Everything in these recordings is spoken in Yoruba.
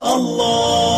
Allah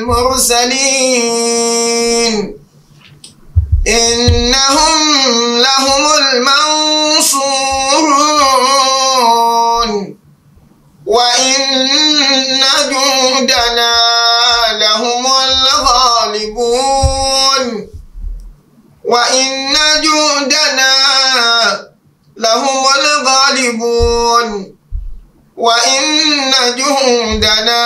المرسلين إنهم لهم المنصورون وإن جندنا لهم الغالبون وإن جندنا لهم الغالبون وإن جندنا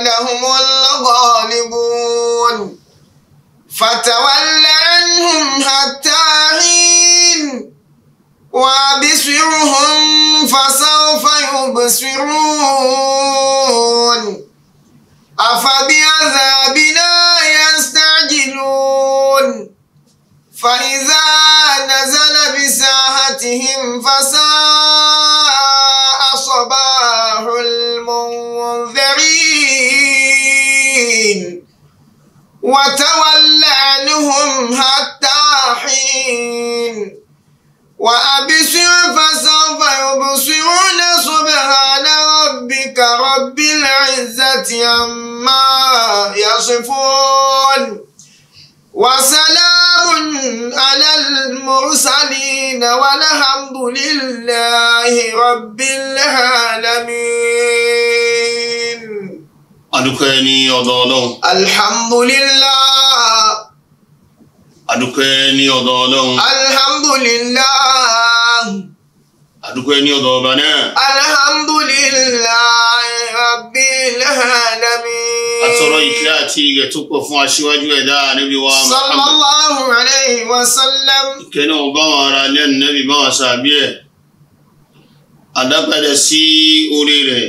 لهم الغالبون غالبون فتول عنهم حتى حين وابصرهم فسوف يبصرون أفبعذابنا يستعجلون فإذا نزل بساحتهم فسوف وتول عنهم حتى حين وأبصر فسوف يبصرون سبحان ربك رب العزة عما يصفون وسلام على المرسلين والحمد لله رب العالمين adúpẹ́ ní ọ̀dọ̀ ọlọ́run. alhamdulillah. adúpẹ́ ní ọ̀dọ̀ ọlọ́run. alhamdulillah. adúpẹ́ ní ọ̀dọ̀ ọba náà. alhamdulillah rabbil alamin. atọ́rọ ìkẹ́ àti ìgẹ̀ tó pọ̀ fún aṣíwájú ẹ̀dá ànábì wa Muhammad. sallallahu alayhi wa sallam. ìkẹ́ náà wọn ara lẹ́nu nábì bá wọn sàbí ẹ̀. adápẹ́dẹ̀ sí orí rẹ̀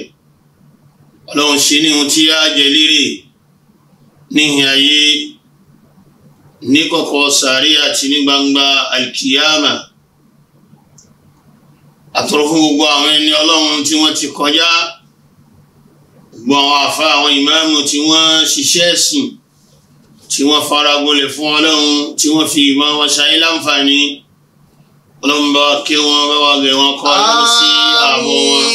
ọlọ́run ṣe ní ohun tí a jẹ lérè níhìn ayé ní kọ̀kọ̀ sàárè àti ní gbangba alkiyama àtọ̀rọ̀ fún gbogbo àwọn ẹni ọlọ́run tí wọ́n ti kọjá gbogbo àwọn àfa àwọn ìmáàmù tí wọ́n ṣiṣẹ́ ẹ̀sìn tí wọ́n fara gbolẹ̀ fún ọlọ́run tí wọ́n fi ìmọ̀ wọn ṣayé láǹfààní ọlọ́run bá kí wọ́n bá wà gẹ̀ wọ́n kọ́ ọ lọ sí ààbò wọn.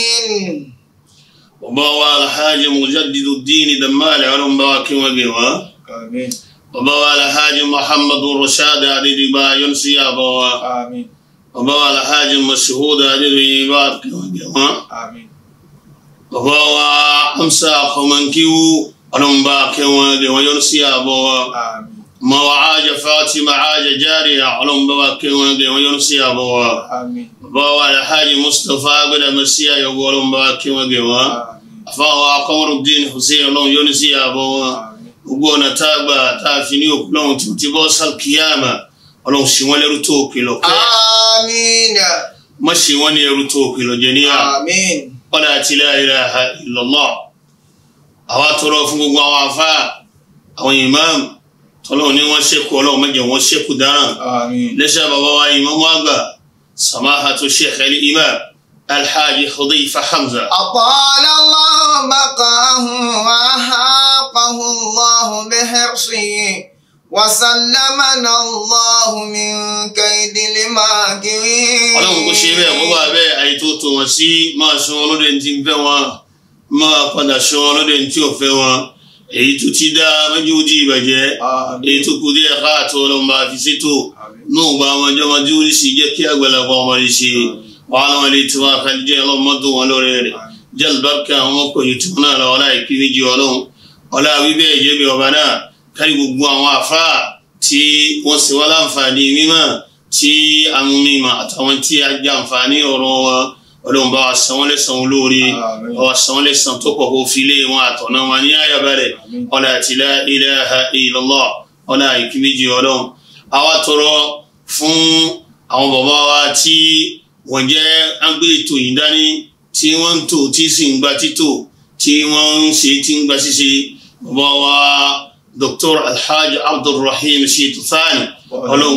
وبوا الحاج مجدد الدين دمال علم بواكي وبيوا آمين وبوا الحاج محمد رشاد عدد با ينسي بوا آمين وبوا الحاج مشهود عدد باكي وبيوا آمين وبوا أمسا خمنكيو علم باكي وبيوا ينسي بوا آمين ما وعاج فاطمة عاج جارية علم وبيوا وينسي بوا آمين بوا الحاج مصطفى بلا مسيا يقولون بواكي وبيوا آمين àfáwọn akọ́wọ́rọ̀dín hussein ọlọ́run yọ́nú sí àbọ̀ wọn gbogbo ọ̀nà tá a gbà tá a fi ní òkú lọ́run tí ó ti bọ́ sàkíyàmà ọlọ́run ṣì wọ́n lẹ́rú tó òkè lọ pẹ́. àmín. má ṣe wọ́n ní ẹrú tó òkè lọ jẹ níyà. àmín. ọ̀dà àti la ilaha illallah àwa tọrọ fún gbogbo àwọn afá àwọn imam tọ́lọ́run ní wọ́n ṣẹ́kù ọlọ́run mẹ́jọ wọ́n ṣẹ́kù dáràn. lẹ́sẹ̀ bàbá wa imam àgbà samahatu sheikh al-imam alhaji Hudayfa Hamza. àpọ̀ ọlọ́lá بقاه وأحاقه الله بحرصه wasallamana allahu min kaidi limakiri. ọlọ́run kò ṣe bẹ́ẹ̀ wọ́n wà bẹ́ẹ̀ àìtó tó wọn sí máa sun ọlọ́dẹ tí ń fẹ́ wọn máa padà sun ọlọ́dẹ tí ò fẹ́ wọn èyí tó ti dá méjìlélójì ìbàjẹ́ èyí tó kù díẹ̀ káàtó ọlọ́mọba fi ṣètò náà gba àwọn ẹjọ́ máa dúró jẹ́ kí àgbàlagbà ọmọdé ṣe wàhálà wọn lè tiwọn àkàlẹ́ jẹ́ ọlọ́mọdún wọn lọ́rẹ́ rẹ̀ jálùbáríkà àwọn ọkọ̀ yìí tí wọn náà lọ ọlá ìpínlẹ̀jì ọlọ́run ọlá wíbẹ̀ ìjẹ́bi ọba náà kárí gbogbo àwọn àfa tí wọ́n ṣe wá láǹfààní mímọ́ tí amúmímọ́ àtàwọn tí a jẹ àǹfààní ọ̀rọ̀ wọn ọlọ́run bá wa san wọ́n lẹ́san olóore bá wa san wọ́n lẹ́san tó pọ̀ kó fi lé wọn àtọ̀nà wọn ní àyàbẹ̀rẹ̀ ọlá àti la tí wọ́n ń tò tí sì ń gba títò tí wọ́n ń ṣe tí ń gba ṣíṣe bàbá wa Dr. Alhaji Abdulrahim Shitu Thani ọlọ́run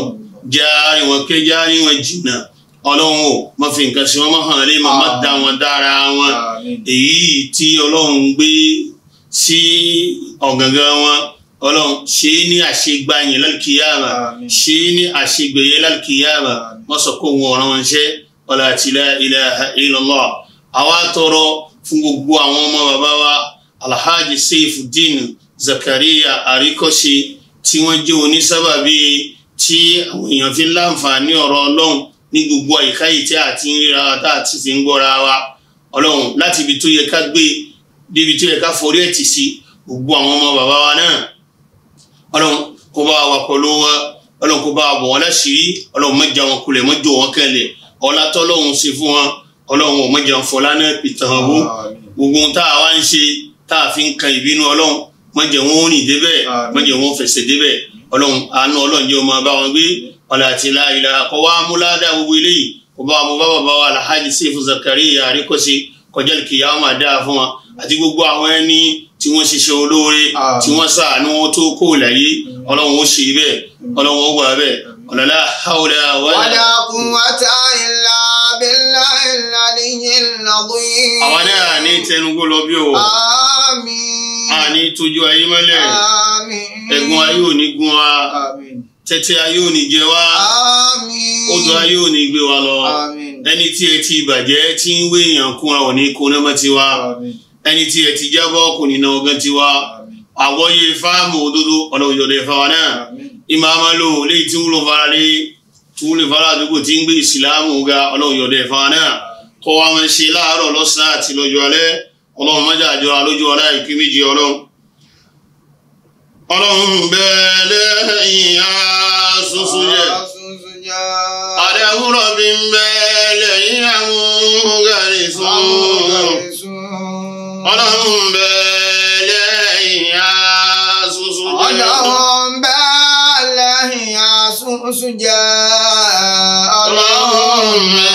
járe wọn pé járe wọn jìnnà ọlọ́run ò má fi nǹkan sí wọn má hàn lé màmá dá wọn dára wọn èyí tí ọlọ́run gbé sí ọ̀gángan wọn ọlọ́run ṣe ní àṣegbáyìn lálùkìyàmà ṣe ní àṣegbèyẹ lálùkìyàmà wọ́n sọ pé òun ọ̀ràn wọn ṣẹ́ ọ̀là àtìlá ilaha illallah àwa tọrọ fún gbogbo àwọn ọmọ bàbá wa alhaji seifuddin zakaria arikosi tí wọ́n jẹ́ onísábàbí tí àwọn èèyàn fi láǹfààní ọ̀rọ̀ ọlọ́run ní gbogbo àyíká yìí tí a ti ń ríra wa tá a ti fi ń gbọ́ra wa ọlọ́run láti ibi tó yẹ ká gbé débi tó yẹ ká forí ẹ̀ tì sí gbogbo àwọn ọmọ bàbá wa náà ọlọ́run kó bá wa pẹ̀lú wọn ọlọ́run kó bá wa bọ̀ wọ́n láṣìírí ọlọ́run mọ́jà wọn kulẹ̀ mọ́jọ wọn kẹlẹ̀ ọlá tọ́lọ́run ṣe fún wọn ọlọ́run ò mọ jẹun fọlá náà pìtàn owó gbogbo tá a wá ń ṣe tá a fi ń kan ìbínú ọlọ́run mọ jẹun ó rìn débẹ̀ mọ jẹun ó fẹsẹ̀ débẹ̀ ọlọ́run àánú ọlọ́run jẹ́ ọmọ bá wọn gbé ọ̀là àti ìlà ìlà kọ́ wá múládà gbogbo eléyìí kò bá mo bá bàbá wa alhaji sefu zakariya àríkọ́sí kọjá kìyà ọmọ àdáa fún wa àti gbogbo àwọn ẹni tí wọ́n ṣiṣẹ́ olóore tí wọ́n ṣàánú wọn tó kó láyé ọlọ́run ó ṣe bẹ́ẹ̀ ọlọ́run ó wà bẹ́ẹ̀ ọ̀làlá haúlẹ̀ wala quwwata illa billahi al-aliyyil azim. àwa náà ní tẹnugbó lọ bí o. àmín. àní tójú ayé mọ́lẹ̀. àmín. ẹ̀gún ayé ò ní gún wa. àmín. tẹ́tẹ́ ayé ò ní jẹ wá. àmín. odò ayé ò gbé wa lọ. ẹni tí ẹ ti bàjẹ́ tí ń wé èèyàn kún wa ní kún náà mọ́ tiwa. ẹni tí ẹ ti jábọ́ kò náà ọgán tiwa. àwọ̀yé fáàmù òdodo ọ̀nà òjòdè fáwọn náà. ìmọ̀ àmàlò léyìí tí wúlò fara lé túlẹ̀ fara àdúgbò tí ń gbé ìsìláàmù ga ọlọ́run yọ̀dẹ̀ fáwọn náà kọ́ wa máa ń ṣe láàárọ̀ lọ́sàn-án àti lọ́jọ́ alẹ́ ọlọ́run mọ́jà àjọra lójú ọlá ìpín méjì ọlọ́run. ọlọ́run bẹ́ẹ̀ lẹ́yìn àásùnsù yẹ àdẹ́wúrọ̀ bí ń bẹ́ẹ̀ lẹ́yìn àwọn sùn ọlọ́run bẹ́ẹ̀ lẹ́yìn àásùnsù yẹ. ya sunja Allahumma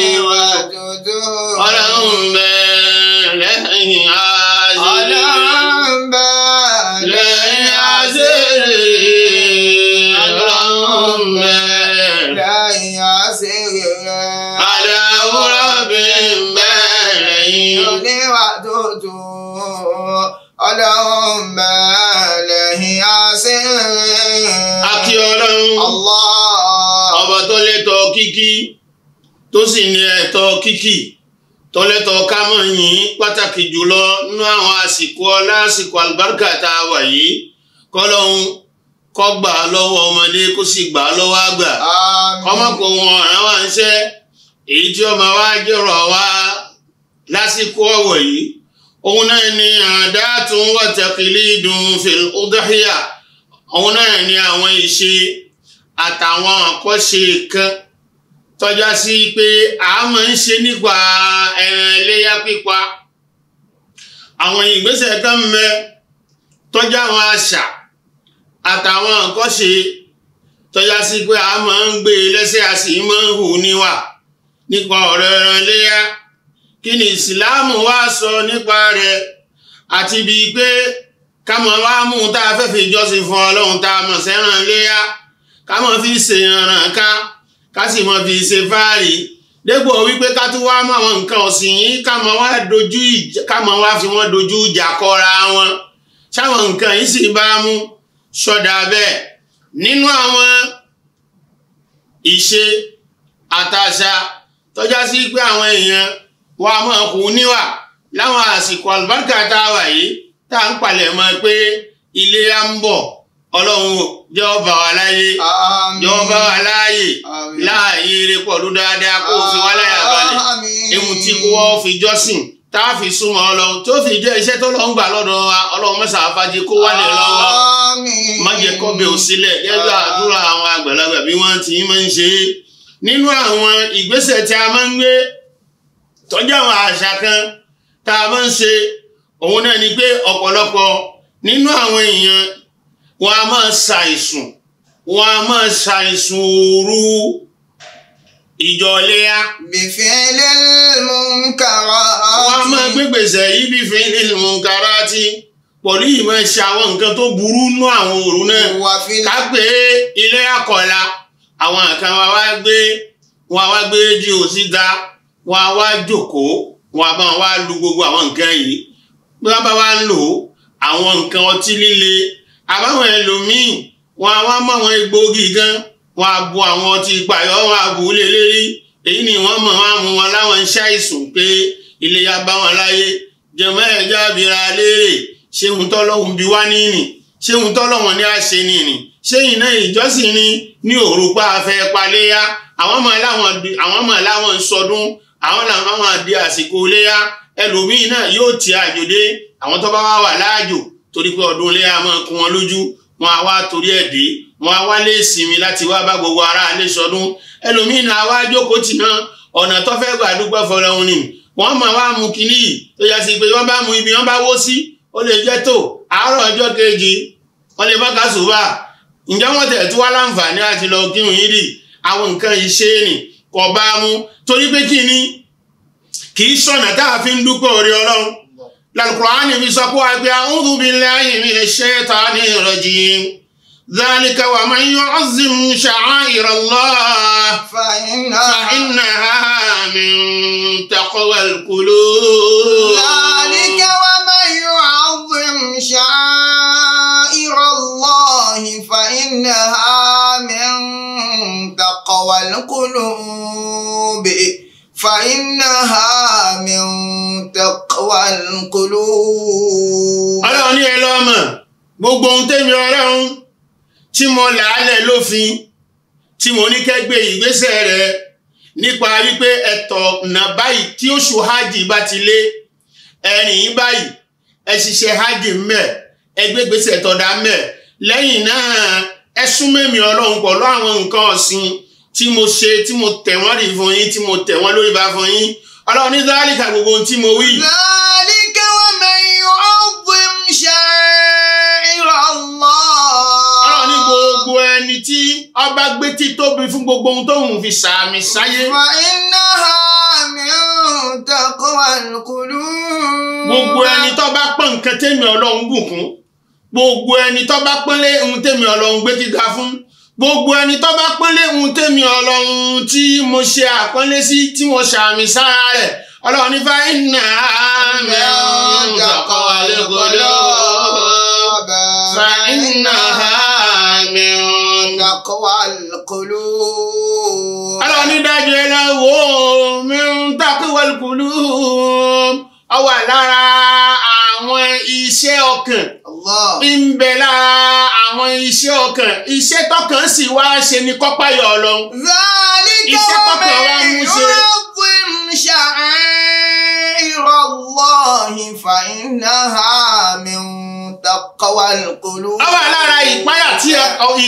mi wá dúdú. ọlọ́run bẹ lẹ́yìn àṣẹ. ọlọ́run bẹ lẹ́yìn àṣẹ. ọlọ́run bẹ lẹ́yìn àṣẹ rẹ. àdàwúrọ̀ mi bẹ lẹ́yìn. oníwà dúdú. ọlọ́run bẹ lẹ́yìn àṣẹ rẹ. àti ọlọ́run. Allah. ọba tó lè tọ́ kíkí tó sì ní ẹ̀tọ́ kíkì tọ́lẹ́tọ̀ ká mọ̀ yín pàtàkì jùlọ nínú àwọn àsìkò ọlá àsìkò àlùbáríkà tá a wà yìí kọ́lọ́hún kó gbà á lọ́wọ́ ọmọdé kó sì gbà á lọ́wọ́ àgbà kọ́mọ̀pọ̀ wọn ọ̀ràn wà ń ṣẹ́ èyí tí ọmọ wa jọ̀rọ̀ wá lásìkò ọ̀wọ̀ yìí òun náà ni àdáàtún wa taqlidun fil udhiya òun náà ni àwọn ìṣe àtàwọn àkọ́ṣe kan tọ́já sí pé a máa ń ṣe nípa ẹran ẹlẹ́yà pípa àwọn ìgbésẹ̀ kan mẹ́ tọ́já àwọn àṣà àtàwọn nǹkan ṣe tọ́já sí pé a máa ń gbé e lẹ́sẹ̀ a sì máa ń hù níwà nípa ọ̀rọ̀ ẹlẹ́yà kí ni ìsìláàmù wá sọ nípa rẹ̀ àti bíi pé kámọ̀ wá mú tá a fẹ́ fi jọ́sìn fún ọlọ́run tá a mọ̀ sẹ́ràn léyà kámọ̀ fi ṣèrànràn kan ká sì mọ fi ṣe fáàrí dégbò wípé ká tún wá mọ àwọn nǹkan ọ̀sìn yìí ká mọ wá dojú ìjà ká mọ wá fi wọn dojú ìjà kọra wọn ṣáwọn nǹkan yìí sì bá mú sọdà bẹ́ẹ̀ nínú àwọn ìṣe àtàṣà tọ́já sí pé àwọn èèyàn wa máa kú níwà láwọn àsìkò àlùbáríkà tá a wà yìí tá à ń palẹ̀ mọ́ pé iléyá ń bọ̀ ọlọ́run o jẹ́ ọba wa láyé jẹ́ ọba wa láàyè láàyè eré pọ̀lú dáadáa kó o fi wá láyà ah, balẹ̀ ewu tí wọ́n fi jọ́sìn tá a fi súnmọ́ ọlọ́run tó fi jẹ́ iṣẹ́ tó lọ́ ń gbà lọ́dọ̀ wa ọlọ́run mọ́sà àfàjẹ kó wà ní lọ́wọ́ má jẹ́ kọ́bẹ̀ ò sílẹ̀ gẹ́gẹ́ àdúrà àwọn àgbàlagbà bí wọ́n ti máa ń ṣe é nínú àwọn ìgbésẹ̀ tí a máa ń gbé tọ́jú àwọn àṣà kan tá a máa ń ṣe òun náà ni pé ọ̀pọ̀lọpọ̀ nínú àwọn èèyàn wọ́n a máa ṣàìsùn wọ́n a máa ṣàìsùn òru ìjọléyà. bìfẹ́lẹ́ mú ń kàrà áti. wọ́n a máa gbégbèsè yìí bìfẹ́lẹ́ mú ń kàrà áti pọ̀lú ìmọ̀ ṣe àwọn nǹkan tó burú nú àwọn òru náà ká pé ilé àkọ́lá àwọn kan wa wá gbé wọn wá gbé rédíò síta wọn wá jókòó wọn máa wá lu gbogbo àwọn nǹkan yìí bí wọn bá wá ń lò àwọn nǹkan ọtí líle àbáwọn ẹlòmíì wọn a wá mọ àwọn egbòogi gan wọn a bu àwọn ọtí ìpàyọ wọn a bù ú lé lérí èyí ni wọn mọ wọn mú wọn láwọn ń ṣàìsùn pé iléyá bá wọn láyé jẹmọ ẹjọ àbíra léèrè ṣéhun tọlọhun bí wá nìyí ṣéhun tọlọhun ni a ṣe nìyí ṣéyìn náà ìjọsìn ni ní òru pa afẹ paléyà àwọn ọmọ aláwọn àwọn ọmọ aláwọn ń sọdún àwọn làwọn àdí àsìkò léyà ẹlòmíín náà yóò ti àjò dé àwọn tó bá wà láàjò torí pé ọdún ilé àmọ́ kún wọn lójú wọn á wá torí ẹ̀ dé wọn á wá lé ìsinmi láti wá bá gbogbo ara alẹ́ sọdún ẹlòmíín náà wá jókòó tì náà ọ̀nà tó fẹ́ gbà dúpẹ́ fọlọ́run ni wọ́n máa wá mu kínní yìí tó yà sí pé wọ́n bá mu ibi wọ́n bá wó sí ó lè jẹ́ tó àárọ̀ ọjọ́ kejì wọ́n lè mọ́ka sùúrà ǹjẹ́ wọ́n tẹ̀ tú wá láǹfààní àti lọ kírun yìí dì àwọn nǹkan yìí nì kò bá mu torí pé kínní kì í ṣọ̀nà tá fi ń dúpẹ́ orí ọlọ́run القرآن يقول أعوذ بالله من الشيطان الرجيم ذلك ومن يعظم شعائر الله فإنها, فإنها من تقوى القلوب ذلك ومن يعظم شعائر الله فإنها من تقوى القلوب فإنها من تقوى wàlúkúlù. ọlọ́run ní ẹ lọ́mọ gbogbo ohun tẹ́mi ọlọ́run tí mo làálẹ̀ lófin tí mo ní kẹ́gbẹ́ ìgbésẹ̀ rẹ̀ nípa wípé ẹ̀tọ́ ọ̀nà báyìí tí oṣù hajj bá ti lé ẹ̀rìn báyìí ẹ ṣiṣẹ́ hajj mẹ́ ẹ gbégbèsè tọ́da mẹ́ lẹ́yìn náà ẹ súnmẹ́mí ọlọ́run pọ̀lú àwọn nǹkan ọ̀sìn tí mo ṣe tí mo tẹ̀ wọ́n rí fún yín tí mo tẹ̀ lórí bá fún yín ọlọ́run ni zálíkà gbogbo tí mo wí. zálíkà wà mẹ́yìn ọ̀gbìn ṣa'ira Allah. ọlọ́run ni gbogbo ẹni tí ọba gbé tí tóbi fún gbogbo ohun tóun fi sàmì sáyé. wà iná àmì taqwa al-qulub. gbogbo ẹni tó bá pọ̀ nǹkan tẹ̀mí ọlọ́run bùkún gbogbo ẹni tó bá pọ́nlé ohun tẹ̀mí ọlọ́run gbé gíga fún gbogbo ẹni tó bá pọ́nlé ń tèmi ọlọ́run tí mo ṣe àpọ́nlé sí tí mo ṣàmì sára rẹ̀ ọlọ́run nípa iná àmì ọ̀dọ̀kọ̀ àlẹ́kọ̀ọ́lọ́ fa iná àmì ọ̀dọ̀kọ̀ àlẹ́kọ̀ọ́lọ́. ọlọ́run dájú ẹ lọ wò ó mi ń dákúwọ́lùkùlù ọ wà lára àwọn iṣẹ́ ọkàn ń bẹ lára àwọn iṣẹ́ ọkàn iṣẹ́ tọkàn sì wá ṣe ni kọ́páyọ̀ ọlọ́run. iṣẹ́ tọkàn wá mú ṣe. Ọba lára ìpáyà tí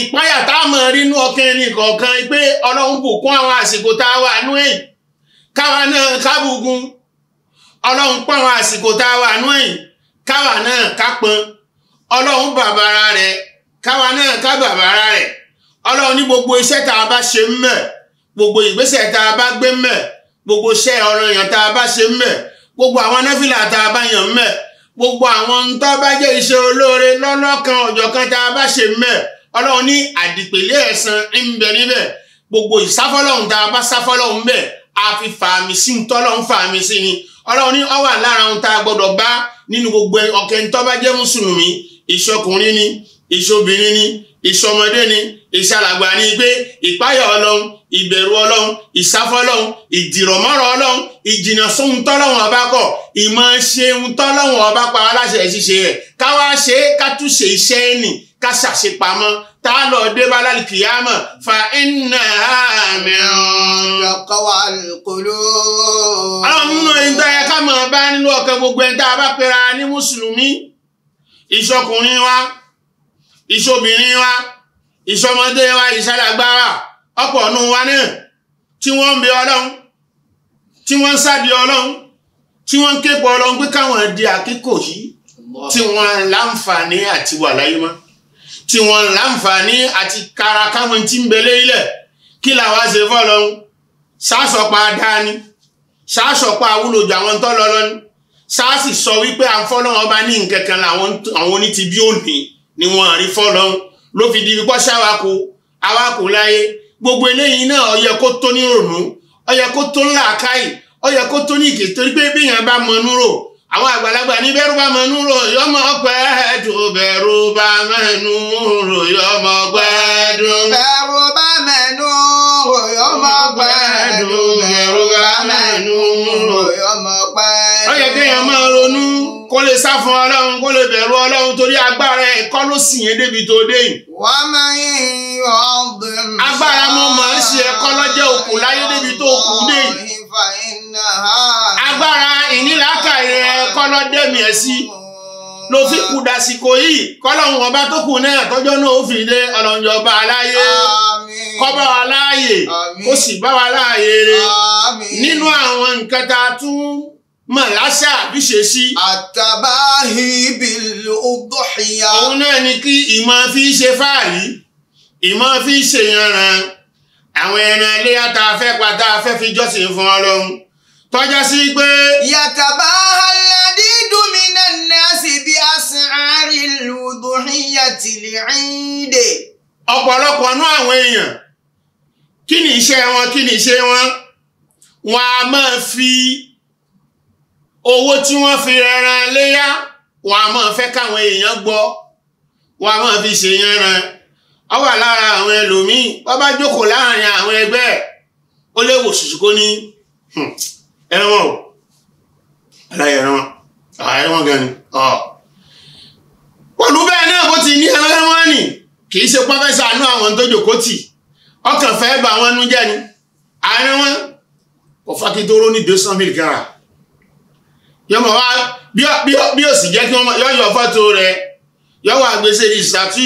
ìpáyà tá a mọ̀ rínú ọkàn ẹni kọ̀ọ̀kan pé ọlọ́run bùkún àwọn àsìkò tá a wà nú ẹ̀yìn káwa náà kábùgún ọlọ́run pọ̀ àwọn àsìkò tá a wà nú ẹ̀yìn káwa náà kápọn ọlọ́run bàbára rẹ̀ káwa náà ká bàbára rẹ̀ ọlọ́run ní gbogbo iṣẹ́ tá a bá ṣe ń mẹ̀ gbogbo ìgbésẹ̀ tá a bá gbé ń mẹ̀ gbogbo iṣẹ́ ọ̀rọ̀ èèyàn tá a bá ṣe ń mẹ̀ gbogbo àwọn náfìlà tá a bá yàn ń mẹ̀ gbogbo àwọn tó bá jẹ́ iṣẹ́ olóore lọ́lọ́kan ọ̀jọ̀kan tá a bá ṣe ń mẹ̀ ọlọ́run ní àdìpèlé ẹ̀san ń bẹ níbẹ̀ gbogbo ìsáfọ́lọ́hún tá a bá sáfọ́lọ́hún bẹ̀ a fi fàmì sí ntọ́lọ́hún fàmì sí ni ọlọ́run ní ó wà lára ohun tá a gbọ́dọ̀ bá nínú gbogbo ọ̀kẹ́ ntọ́ bá jẹ́ mùsùlùmí ìṣọkùnrin ni ìṣobìnrin ni ìṣọmọdé ni ìṣàlàgbà ni pé ìpáyà ọlọ́run ìbẹ̀rù ọlọ́run ìsáfọ́lọ́run ìdìrọ̀mọ́rọ̀ ọlọ́run ìjìnà sóhun tọ́lọ́run ọba kọ̀ ìmọ̀ ṣe ohun tọ́lọ́run ọba pa aláṣẹ ṣíṣe rẹ̀ káwá ṣe é ká tún ṣe iṣẹ́ ẹ̀nì ká ṣàṣepamọ́ tá a lọ dé bá lálùkìyàmọ̀ fa iná mi ọkọ̀ wa kòló. àwọn ọmọ ìgbà yẹn ká mọ̀ bá nínú ọkàn gbogbo ẹ̀ tá a bá pera ní mùsùlùmí ìṣọkùnrin wa ìṣobìnrin wa ìṣọmọdé wa ìṣàlágbára ọ̀pọ̀ ọ̀nù wa náà tí wọ́n ń bẹ ọlọ́run tí wọ́n ń sáàdì ọlọ́run tí wọ́n ń képe ọlọ́run pé káwọn di àkíkò yìí tí wọ́n ń láǹfààní àti wà láyé mọ́ tí wọ́n ń láǹfààní àti kára káwọn tí ń belé ilẹ̀ kí làwa ṣe fọ́ ọlọ́run sásọ̀pá dáa ni sásọ̀pá awúlòjọ àwọn tó sars sọ wípé àfọlọ́wọn bá ní nkankan làwọn oní ti bí òní ni wọ́n rí fọlọ́n ló fi di wípọ́ ṣàwákò awákò láyé gbogbo eléyìí náà ó yẹ kó tó ní rònú ó yẹ kó tó ní làákàyè ó yẹ kó tó ní ìkè torí pé bíyàn bá mọ núrò àwọn àgbàlagbà ní bẹ̀rù bá mọ núrò yọmọ gbẹdùn bẹ̀rù bá mọ núrò yọmọ gbẹdùn. bẹ̀rù bá mọ núrò yọmọ gbẹdùn bẹ̀rù àmánù. ọmọ pẹ́. ó yẹ kéèyàn máa ronú kó lè sá fún ọlọ́run kó lè bẹ̀rù ọlọ́run torí agbára ẹ̀ kọ́ ló sì yẹn débi tó dé yìí. wọ́n máa ń yọ ọ̀gbìn. agbára mo máa ń ṣe ẹ̀kọ́ lọ́jọ́ òkú láyé débi tó kù dé yìí. agbára ìnílàkà ẹ̀kọ́ lọ́dẹ̀mí ẹ̀ sí ló fi kù dàsìkò yìí kọ́lọ́hún ọba tó kù náà tọ́jọ́ náà ó fi dé ọlọ́njọ́ bá a wa láàyè kó sì bá wa láàyè rè nínú àwọn nǹkan tá a tún mọ̀ láṣà bí ṣe sí. àtàbáhì bìlù ọdọ̀hìyà. òun náà ni kí ìmọ̀ fi ṣe fáàrí ìmọ̀ fi ṣèyànràn àwọn ẹran iléyà tá a fẹ́ pa tá a fẹ́ fi jọ́sìn fún Ọlọ́run tọ́já sí pé. yàtàbáhà أسعار الوضحية لعيد ọ̀pọ̀lọpọ̀ nú àwọn èèyàn kí ni iṣẹ́ wọn kí ni iṣẹ́ wọn wọn a máa fi owó tí wọ́n fi rẹran léyà wọn a máa fẹ́ káwọn èèyàn gbọ́ wọn a máa fi ṣe yẹn ran ọ wà lára àwọn ẹlòmíín wọn bá jókòó láàrin àwọn ẹgbẹ́ ó léwu ṣùṣùkó ní hmm, ẹran wọn o aláyẹ̀rán wọn ààrẹ wọn gan ni pẹ̀lú bẹ́ẹ̀ náà bó ti ní ẹlẹ́wọ̀nì kì í ṣe pọ́fẹ́sà àánú àwọn tó jòkó tì ọkàn fẹ́ bá wọn nú jẹ́ ni àárín wọn kò fàkìtóró ní deux cent mille kára yọmọ wa bí ó sì jẹ́ kí wọ́n yọ fọ́tò rẹ̀ yọ wà gbèsè ní sàtì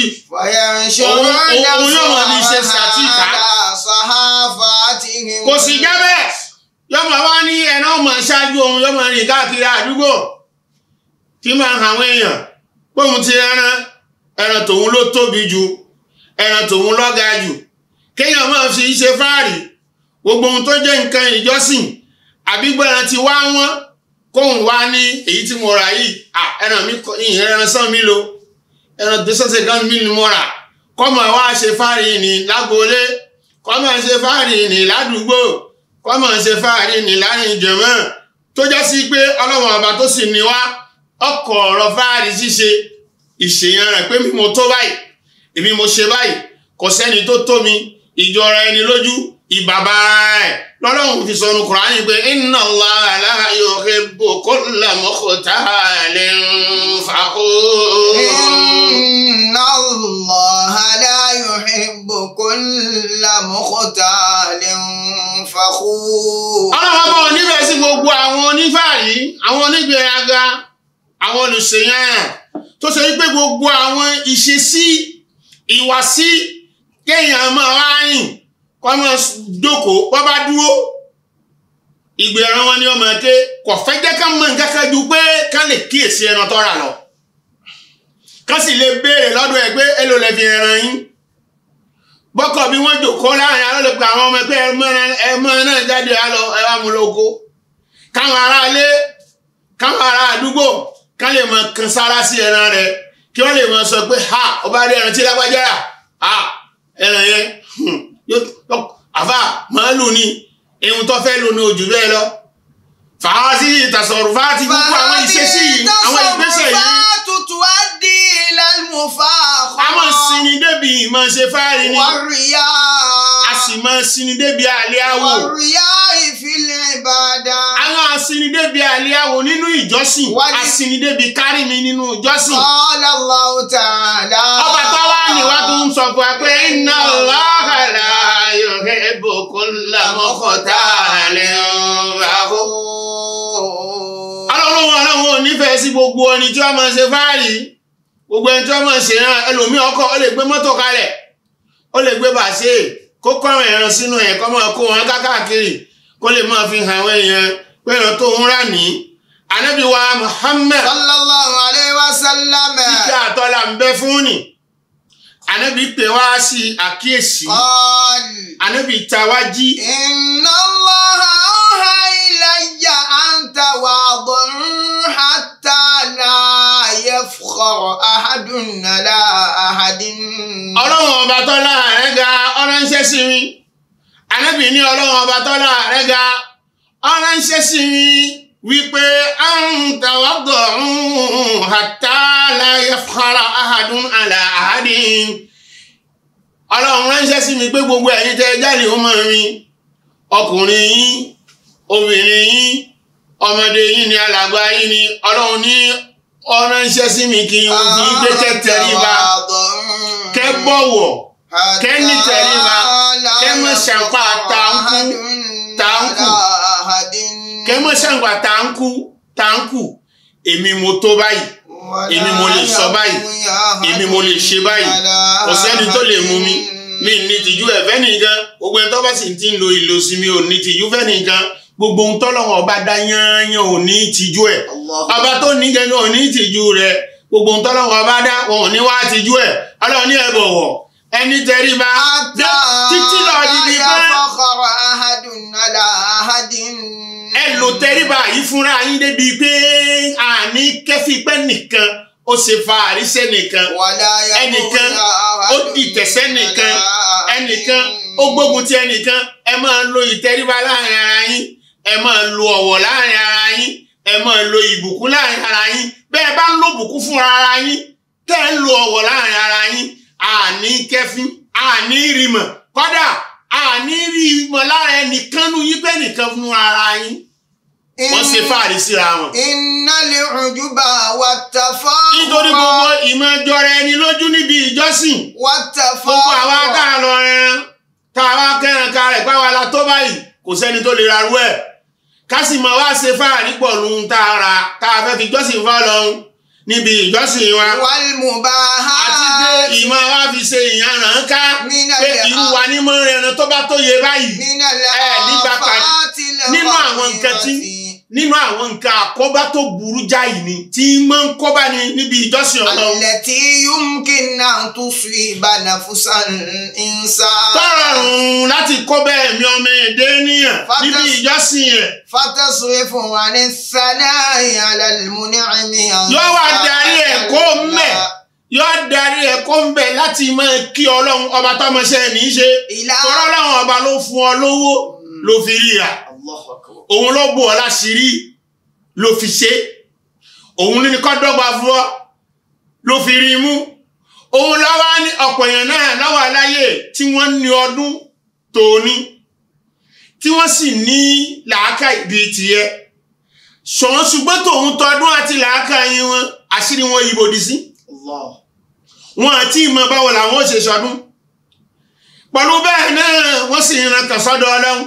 òun yóò wọn ní ṣe sàtì ká kò sì jẹ́ bẹ́ẹ̀ yọmọ wa ní ẹ̀nà ọmọ ṣáájú òun yọmọ rìn káàkiri àdúgbò kí máa hàn àwọn èèyàn bóun ti rán ẹran tòun ló tóbi jù ẹran tòun lọ́ga jù kéèyàn máa fi ṣe fáàrí gbogbo ohun tó jẹ́ nǹkan ìjọsìn àbígbẹ́ran ti wá wọ́n kóun wá ní èyí tí mo rà yìí ẹran mi ìhìn ẹran sàn mi lo ẹran tó sọ́sẹ̀ gan mi ni mo rà kọ́mọ wá ṣe fáàrí ni lágboolé kọ́mọ ṣe fáàrí ni ládùúgbò kọ́mọ ṣe fáàrí ni láàrin jẹ̀mọ́ tó já pé ọlọ́run ọba tó sì ní wá ọkọ̀ ọ̀rọ̀ fáàrí ṣíṣe ìṣèyàn rẹ̀ pé mímọ̀ tó báyìí èmi mo ṣe báyìí kò sẹ́ni tó tó mi ìjọra ẹni lójú ìbàbá ẹ̀ lọ́lọ́run fi sọnù kùránì pé inna Allaha la yuhibbu kulla mukhtalin fakhur. inna Allaha la yuhibbu kulla mukhtalin fakhur. ọlọ́run bá wọn nífẹ̀ẹ́ sí gbogbo àwọn onífàárí àwọn onígbéraga àwọn olùṣèyàn tó ṣe wípé gbogbo àwọn ìṣesí ìwàsí kéèyàn máa ráyìn kọ́ máa jókòó bọ́ bá dúró ìgbéra wọn ni ọmọ ké kò fẹ́ jẹ́ ká mọ̀ nǹkan kan ju pé ká lè kíyèsí ẹran tọ́ra lọ ká sì lè béèrè lọ́dọ̀ ẹ̀ pé èlò lẹ́bi ẹran yín bọ́kọ̀ bí wọ́n jòkó láàrin alólùpẹ̀ àwọn ọmọ ẹgbẹ́ ẹmọ náà jáde alọ ẹwà múlòkó káwọn aráalé káwọn ará ká lè mọ kan sára sí ẹran rẹ kí wọ́n lè mọ sọ pé ha ọba rí ẹran tí lágbájá ha ẹran yẹn hmm, àfa màálù ni ihun tó fẹ́ lò ní ojú bẹ́ẹ̀ lọ fàásì ìtàsọ̀rùfà ti gbogbo àwọn ìṣesí yìí àwọn ìgbésẹ̀ yìí. a máa sinmi débi ìmọ̀ ṣe fáàrí ni a sì máa sinmi débi àlẹ́ àwò. wàrúyá ìfilẹ̀ ìbàdàn asinidebi aliyawo nínú ìjọsìn asinidebi kárìmí nínú ìjọsìn. Qala Allahu ta'ala. ọba tó wà níwá ń sọ fún wa pé inna Allaha la yuhibbu kulla mukhtalin fakhur. ọlọ́run ọlọ́run ò nífẹ̀ẹ́ sí gbogbo ọni tí wọ́n máa ṣe fáàrí gbogbo ẹni tí wọ́n máa ṣe náà ẹlòmíì ọkọ̀ ó lè gbé mọ́tò kalẹ̀ ó lè gbé bàṣẹ́ kó kọ́ àwọn ẹran sínú ẹ̀ kọ́ máa kó wọn káàkiri kó lè máa fi hàn àwọn èèyàn pẹ̀lú tó ń rà ní anabi wa Muhammad sallallahu alayhi wa sallam títí àtọ́lá ń bẹ fún ni anabi pè wá sí àkíyèsí anabi ta wá jí. inna Allaha awha ilayya an tawadun hatta la yafkhar ahadun ala ahadin. ọlọ́run ọba tọ́lá rẹ̀ ga ọ̀ránṣẹ́ mi anabi ní ọlọ́run ọba tọ́lá rẹ̀ ga ọ̀ránṣẹ́ sí mi wípé àrùn tàwádọ̀rùn àtàlà yafara ahadun àlà ahadin ọlọ́run ránṣẹ́ sí mi pé gbogbo ẹ̀yin tẹ́ jáde ó máa rin ọkùnrin yín obìnrin yín ọmọdé yín ni alàgbà yín ni ọlọ́run ní ọ̀ránṣẹ́ sí mi kí n kì pé kẹ́ tẹríba kẹ́ bọ̀wọ̀ kẹ́ ní tẹríba kẹ́ mọ̀ ṣàǹpà tàǹkù tàǹkù ahadin. kẹ́mọ́ ṣàǹgbà tá ń kú tá ń kù èmi mo tó báyìí èmi mo lè sọ báyìí èmi mo lè ṣe báyìí kò sẹ́ni tó lè mú mi mi ní tìjú ẹ̀ fẹ́ nìkan gbogbo ẹni tó bá sì ti ń lo ìlòsí mi ò ní tìjú fẹ́ nìkan gbogbo ohun tọ́lọ́wọ́n ọba dá yányán ò ní tìjú ẹ̀ ọba tó ní gẹ́gẹ́ ò ní tìjú rẹ̀ gbogbo ohun tọ́lọ́wọ́n ọba dá ò ní wá tìjú ẹ̀ ọlọ́run ní ẹ bọ̀wọ̀ ẹni tẹríba títí lọ níbi bá ẹ lò tẹríba yìí fúnra yín débi pé àní kẹfípẹ́ nìkan ó ṣe fa àríṣẹ́ nìkan ẹnìkan ó dìtẹ̀sẹ́ nìkan ẹnìkan ó gbógun ti ẹnìkan ẹ máa lo ìtẹríba láàrin ara yín ẹ máa lo ọ̀wọ̀ láàrin ara yín ẹ máa lo ìbùkún láàrin ara yín bẹ́ẹ̀ bá ń lo ìbùkún fúnra ara yín tẹ́ ń lo ọ̀wọ̀ láàrin ara yín àní kẹfín àní rímọ̀ kódà àní rímọ̀ lára ẹnìkan nu yín pé nìkan fún ara yín wọ́n ṣe fàárí síra wọn. iná lè rùjú bá wa ta fọ́. nítorí gbogbo ìmọ̀ jọra ẹni lójú níbi ìjọsìn. wa ta fọ́. gbogbo àwa tá a lọ rẹran tá a wá kẹran ká rẹ̀ páwa la tó báyìí kò sẹ́ni tó lè ra rú ẹ̀. ká sì máa wá ṣe fàárí pọ̀ lu tá a ra tá a fẹ́ fi jọ́sìn fọ́ lọ́hùn níbi ìjọsìn wa. wàlmùbá ha. àti dé ìmọ̀ wa fi ṣe ìyànà ń ká. pé irú wa ní mọ́ ẹran tó bá tó yẹ báyìí. ẹ nígbà pàdé nínú àwọn nǹkan tí nínú àwọn nǹkan àkọ́bá tó burú jáì ni tí máa ń kọ́bá ni níbi ìjọsìn Ọlọ́run. àlẹ́tí yumkina tó fi ìbànà fúnṣà ńsá. tọrọrùn láti kọ́bá ẹ̀mí ọmọ èdè nìyàn níbi ìjọsìn ẹ̀. fatasu efun wa ní sanáyì alalimunni ẹ̀mí ọ̀hún. yóò wá darí ẹ̀kọ́ mẹ́ yóò darí ẹ̀kọ́ ń láti máa kí ọlọ́run ọba tọmọṣẹ́ ní í ṣe. ìlà ọlọ́run ọba ló fún ọ lówó ló fi rí ra òun ló bò ọ́ láṣìírí ló fi ṣe òun ní kọ́ dọ́gba fún ọ ló fi rí mú òun lọ́wọ́ ní ọ̀pọ̀ èèyàn náà lọ́wọ́ aláyè tí wọ́n ní ọdún tòní tí wọ́n sì ní làákà ìbí tiẹ̀ ṣọ̀wọ́n ṣùgbọ́n tòun tọdún àti làákà yín wọn àṣírí wọn ibodì sí wọn àti ìmọ̀ báwo làwọn ò ṣe ṣọdún pẹ̀lú bẹ́ẹ̀ náà wọ́n sì ń ran kàn sọ́dọ̀ ọlọ́run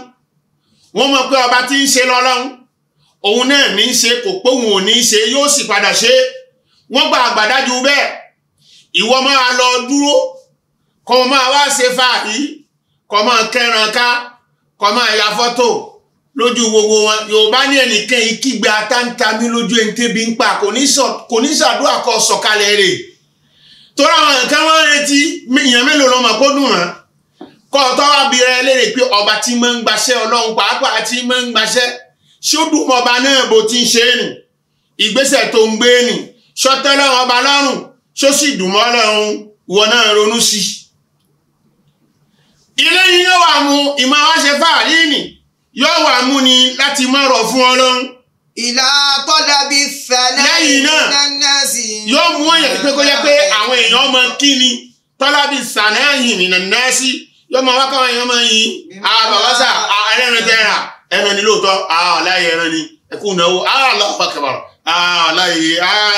wọ́n mọ̀ pé ọba tí ń ṣe lọ́lọ́run òun náà ní í ṣe kò pé òun ò ní í ṣe yóò sì padà ṣe wọ́n gba àgbàdájú bẹ́ẹ̀ ìwọ máa lọ dúró kọ́ máa wá ṣe fàáyí kọ́ máa kẹran ká kọ́ máa ya fọ́tò lójú gbogbo wọn yorùbá ní ẹnìkan ìkígbe atántami lójú ẹnìtẹ́bi ń pa kò ní ṣàdúrà kọ sọ̀kalẹ̀ rẹ̀ tó ráwọn nǹkan wọn retí èèyàn mélòó lọ́mọ kó dùn wọn kọ́ ọ̀tọ́ wa bi rẹ léèrè pé ọba tí máa ń gbaṣẹ́ ọlọ́run pàápàá tí máa ń gbaṣẹ́ ṣé ó dùn ọba náà bó ti ń ṣe é nì ìgbésẹ̀ tó ń gbé nì ṣọtẹ́lẹ̀ ọba lọ́rùn ṣó sì dùn mọ́ ọlọ́run ìwọ náà ronú sí i. ilé yìí yóò wà mú ìmọ̀ wá ṣe fàárí nì yóò wà mú ni láti má rọ̀ fún ọlọ́run. ìlà tọ́lá bíi fẹ́lẹ́ lẹ́yìn náà yóò mú èèyàn pé kó jẹ́ pé àwọn èèyàn ọmọ kí ni tọ́lá bíi sànẹ́yìn nìyẹn náà yóò máa wá káwọn èèyàn máa yin àbàbàṣà ah, ah, ẹran tẹ́ra ẹran ni lóòótọ́ aláyé ah, ẹran ni ẹkú náwó aláwọ̀ kẹbàrọ̀ aláyé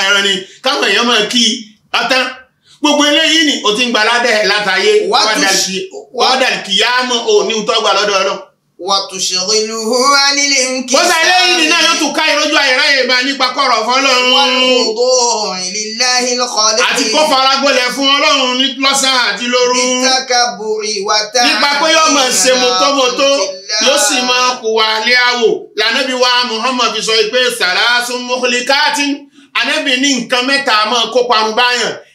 ẹran ni káwọn èèyàn máa kí ọtán gbogbo eléyìí ni o ti ń gbaládẹ́ látàyé wàdàkìyàmù òní ìtọ́gbà lọ́dọọdún wàtúnṣẹ́rìlúhu anílẹ̀ǹkì. bọ́sà eléyìí nínú yóò tún ká ìrọ́jú àyẹ̀rá yẹn bá nípa kọ̀rọ̀ fọlọ́run. wọ́n kò ìlíláhi lọ́kọ̀ọ́lẹ́. àti kó faragbolẹ̀ fún ọlọ́run ní lọ́sàn àti lóru. ìtàkà bùrì wàtá. nípa pé yóò máa ṣe mọ́tòmọ́tò yóò sì máa kó wa lé àwò. lànàbí wa Muhammad fi sọ pé sàràsùn mọ́kìlíkàtì ànábì ní nǹkan mẹ́ta máa kó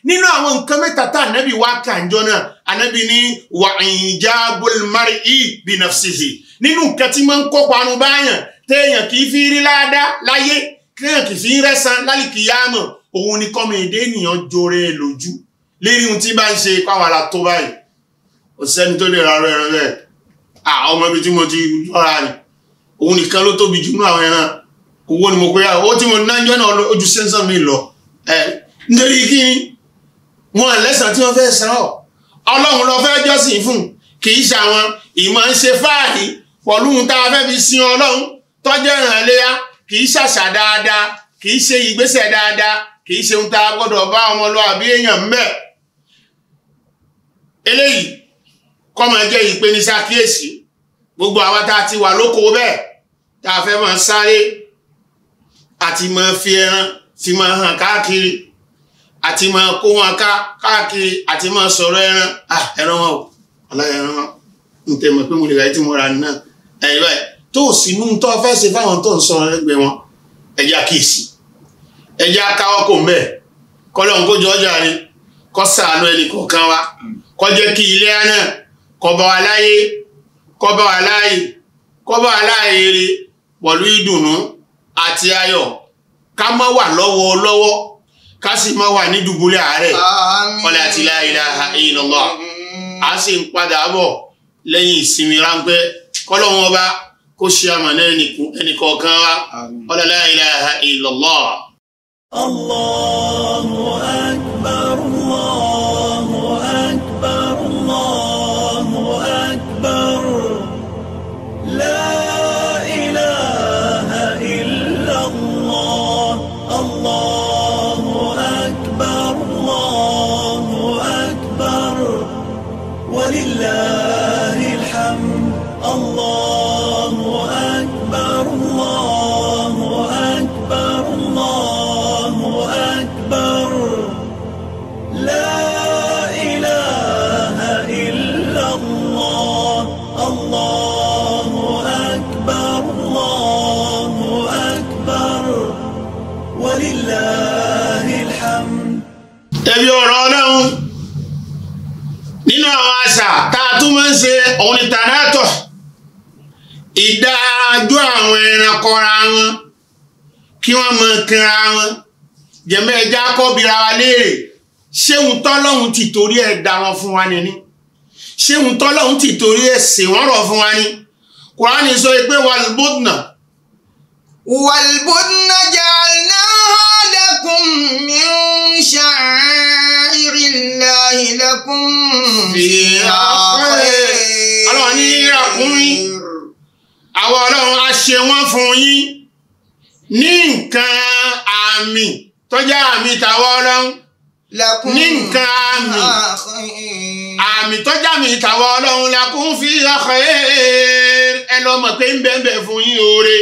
nínú àwọn nǹkan mẹ́ta tá ànábì wá kàǹjọ náà ànábì ní wà ìjábọ̀lmárì ì bìnàfsìhì nínú nǹkan tí máa ń kó panu báyàn téèyàn kì í fi rí láadá láyé téèyàn kì í fi rẹ́sàn lálìkìyàmọ̀ òun ni kọ́mọ èdè ènìyàn jore lójú lérí ohun tí bá ń ṣe ipá wàrà tó báyìí kò sẹ́ni tó lè rárọ ẹran bẹ́ẹ̀ à ọmọ ibi tí mo ti lọ́ra ni òun nìkan ló tóbi jù nínú ẹran owó ni mo pé owó tí mo nájọ́ náà ojú sẹ́ńsàn mi lọ nítorí kí wọn lẹ́sàn tí wọ́n fẹ́ sàn ọ́ ọlọ́run lọ fẹ́ jọ́sìn fún kì í ṣàwọn ìmọ̀ ń ṣe fáàrí pọ̀lú tá a fẹ́ fi sin ọlọ́run tọ́jọ́ ìrànlẹ́yà kì í ṣàṣà dáadáa kì í ṣe ìgbésẹ̀ dáadáa kì í ṣe ohun tá a gbọ́dọ̀ bá ọmọlúwàbí èèyàn mbẹ́ eléyìí kọ́ máa jẹ́ ìpenisákíyèsí gbogbo àwa tá a ti wà lóko bẹ́ẹ̀ tá a fẹ́ máa sáré àti máa fi ẹran fi máa hàn káàkiri àti máa kó wọn ká káàkiri àti máa sọ̀rọ̀ ẹran ah ẹran wọn ò ọ̀la ẹran wọn n tẹ̀ mọ̀ pé mo lè ra tí mo ra náà ẹ̀yìn báyìí tó o sì nú tó fẹ́ ṣe fáwọn tó ń sọ ẹgbẹ́ wọn ẹ̀já kíyèsí ẹ̀já káwọ́ kò mẹ́ẹ̀ kọ́lọ́ ń kójú ọjà ni kó ṣàánú ẹnì kọ̀ọ̀kan wa kó jẹ́ kí ilé náà kó bá wa láyé kó bá wa láyé kó bá wa láyé rí pẹ̀lú ìdùnnú àti ayọ̀ ká má wà lọ́wọ́ lọ́wọ́ ká sì má wà ní dùbúlẹ̀ àárẹ̀ ọ̀lẹ́ àti la ilaha illallah a sì ń padà bọ̀ lẹ́yìn ìsinmi ráńpẹ́ kọ́lọ́wọ́n ọba kó ṣe àmàlẹ́ ẹnìkọ̀ọ̀kan wa ọlọ́lá ilaha illallah. Allahu akbar. òun ni tànátọ̀ ìdájọ́ àwọn ẹranko ra wọn kí wọ́n mọ kanra wọn jẹ̀mẹ́ ẹja kọ́bìra wa léèrè ṣéun tọ́lọ́hun ti torí ẹ̀ dá wọn fún wa nìní ṣéun tọ́lọ́hun ti torí ẹ̀ sè wọ́n rọ̀ fún wa ní kùránì sọ pé wàlúbùdùnà. wàlúbùdùnà ja'alnaha lakum min sha'airi llahi lakum fiha wọn ní ràkúnrin àwọn ọlọ́run á ṣe wọ́n fún yín ní nǹkan àmì tọ́jà àmì tàwọn ọlọ́run ní nǹkan àmì àmì tọ́jà àmì tàwọn ọlọ́run lakún fi ọkọ̀ ẹ lọ mọ̀ pé ń bẹ́ẹ̀ bẹ́ẹ̀ fún yín oore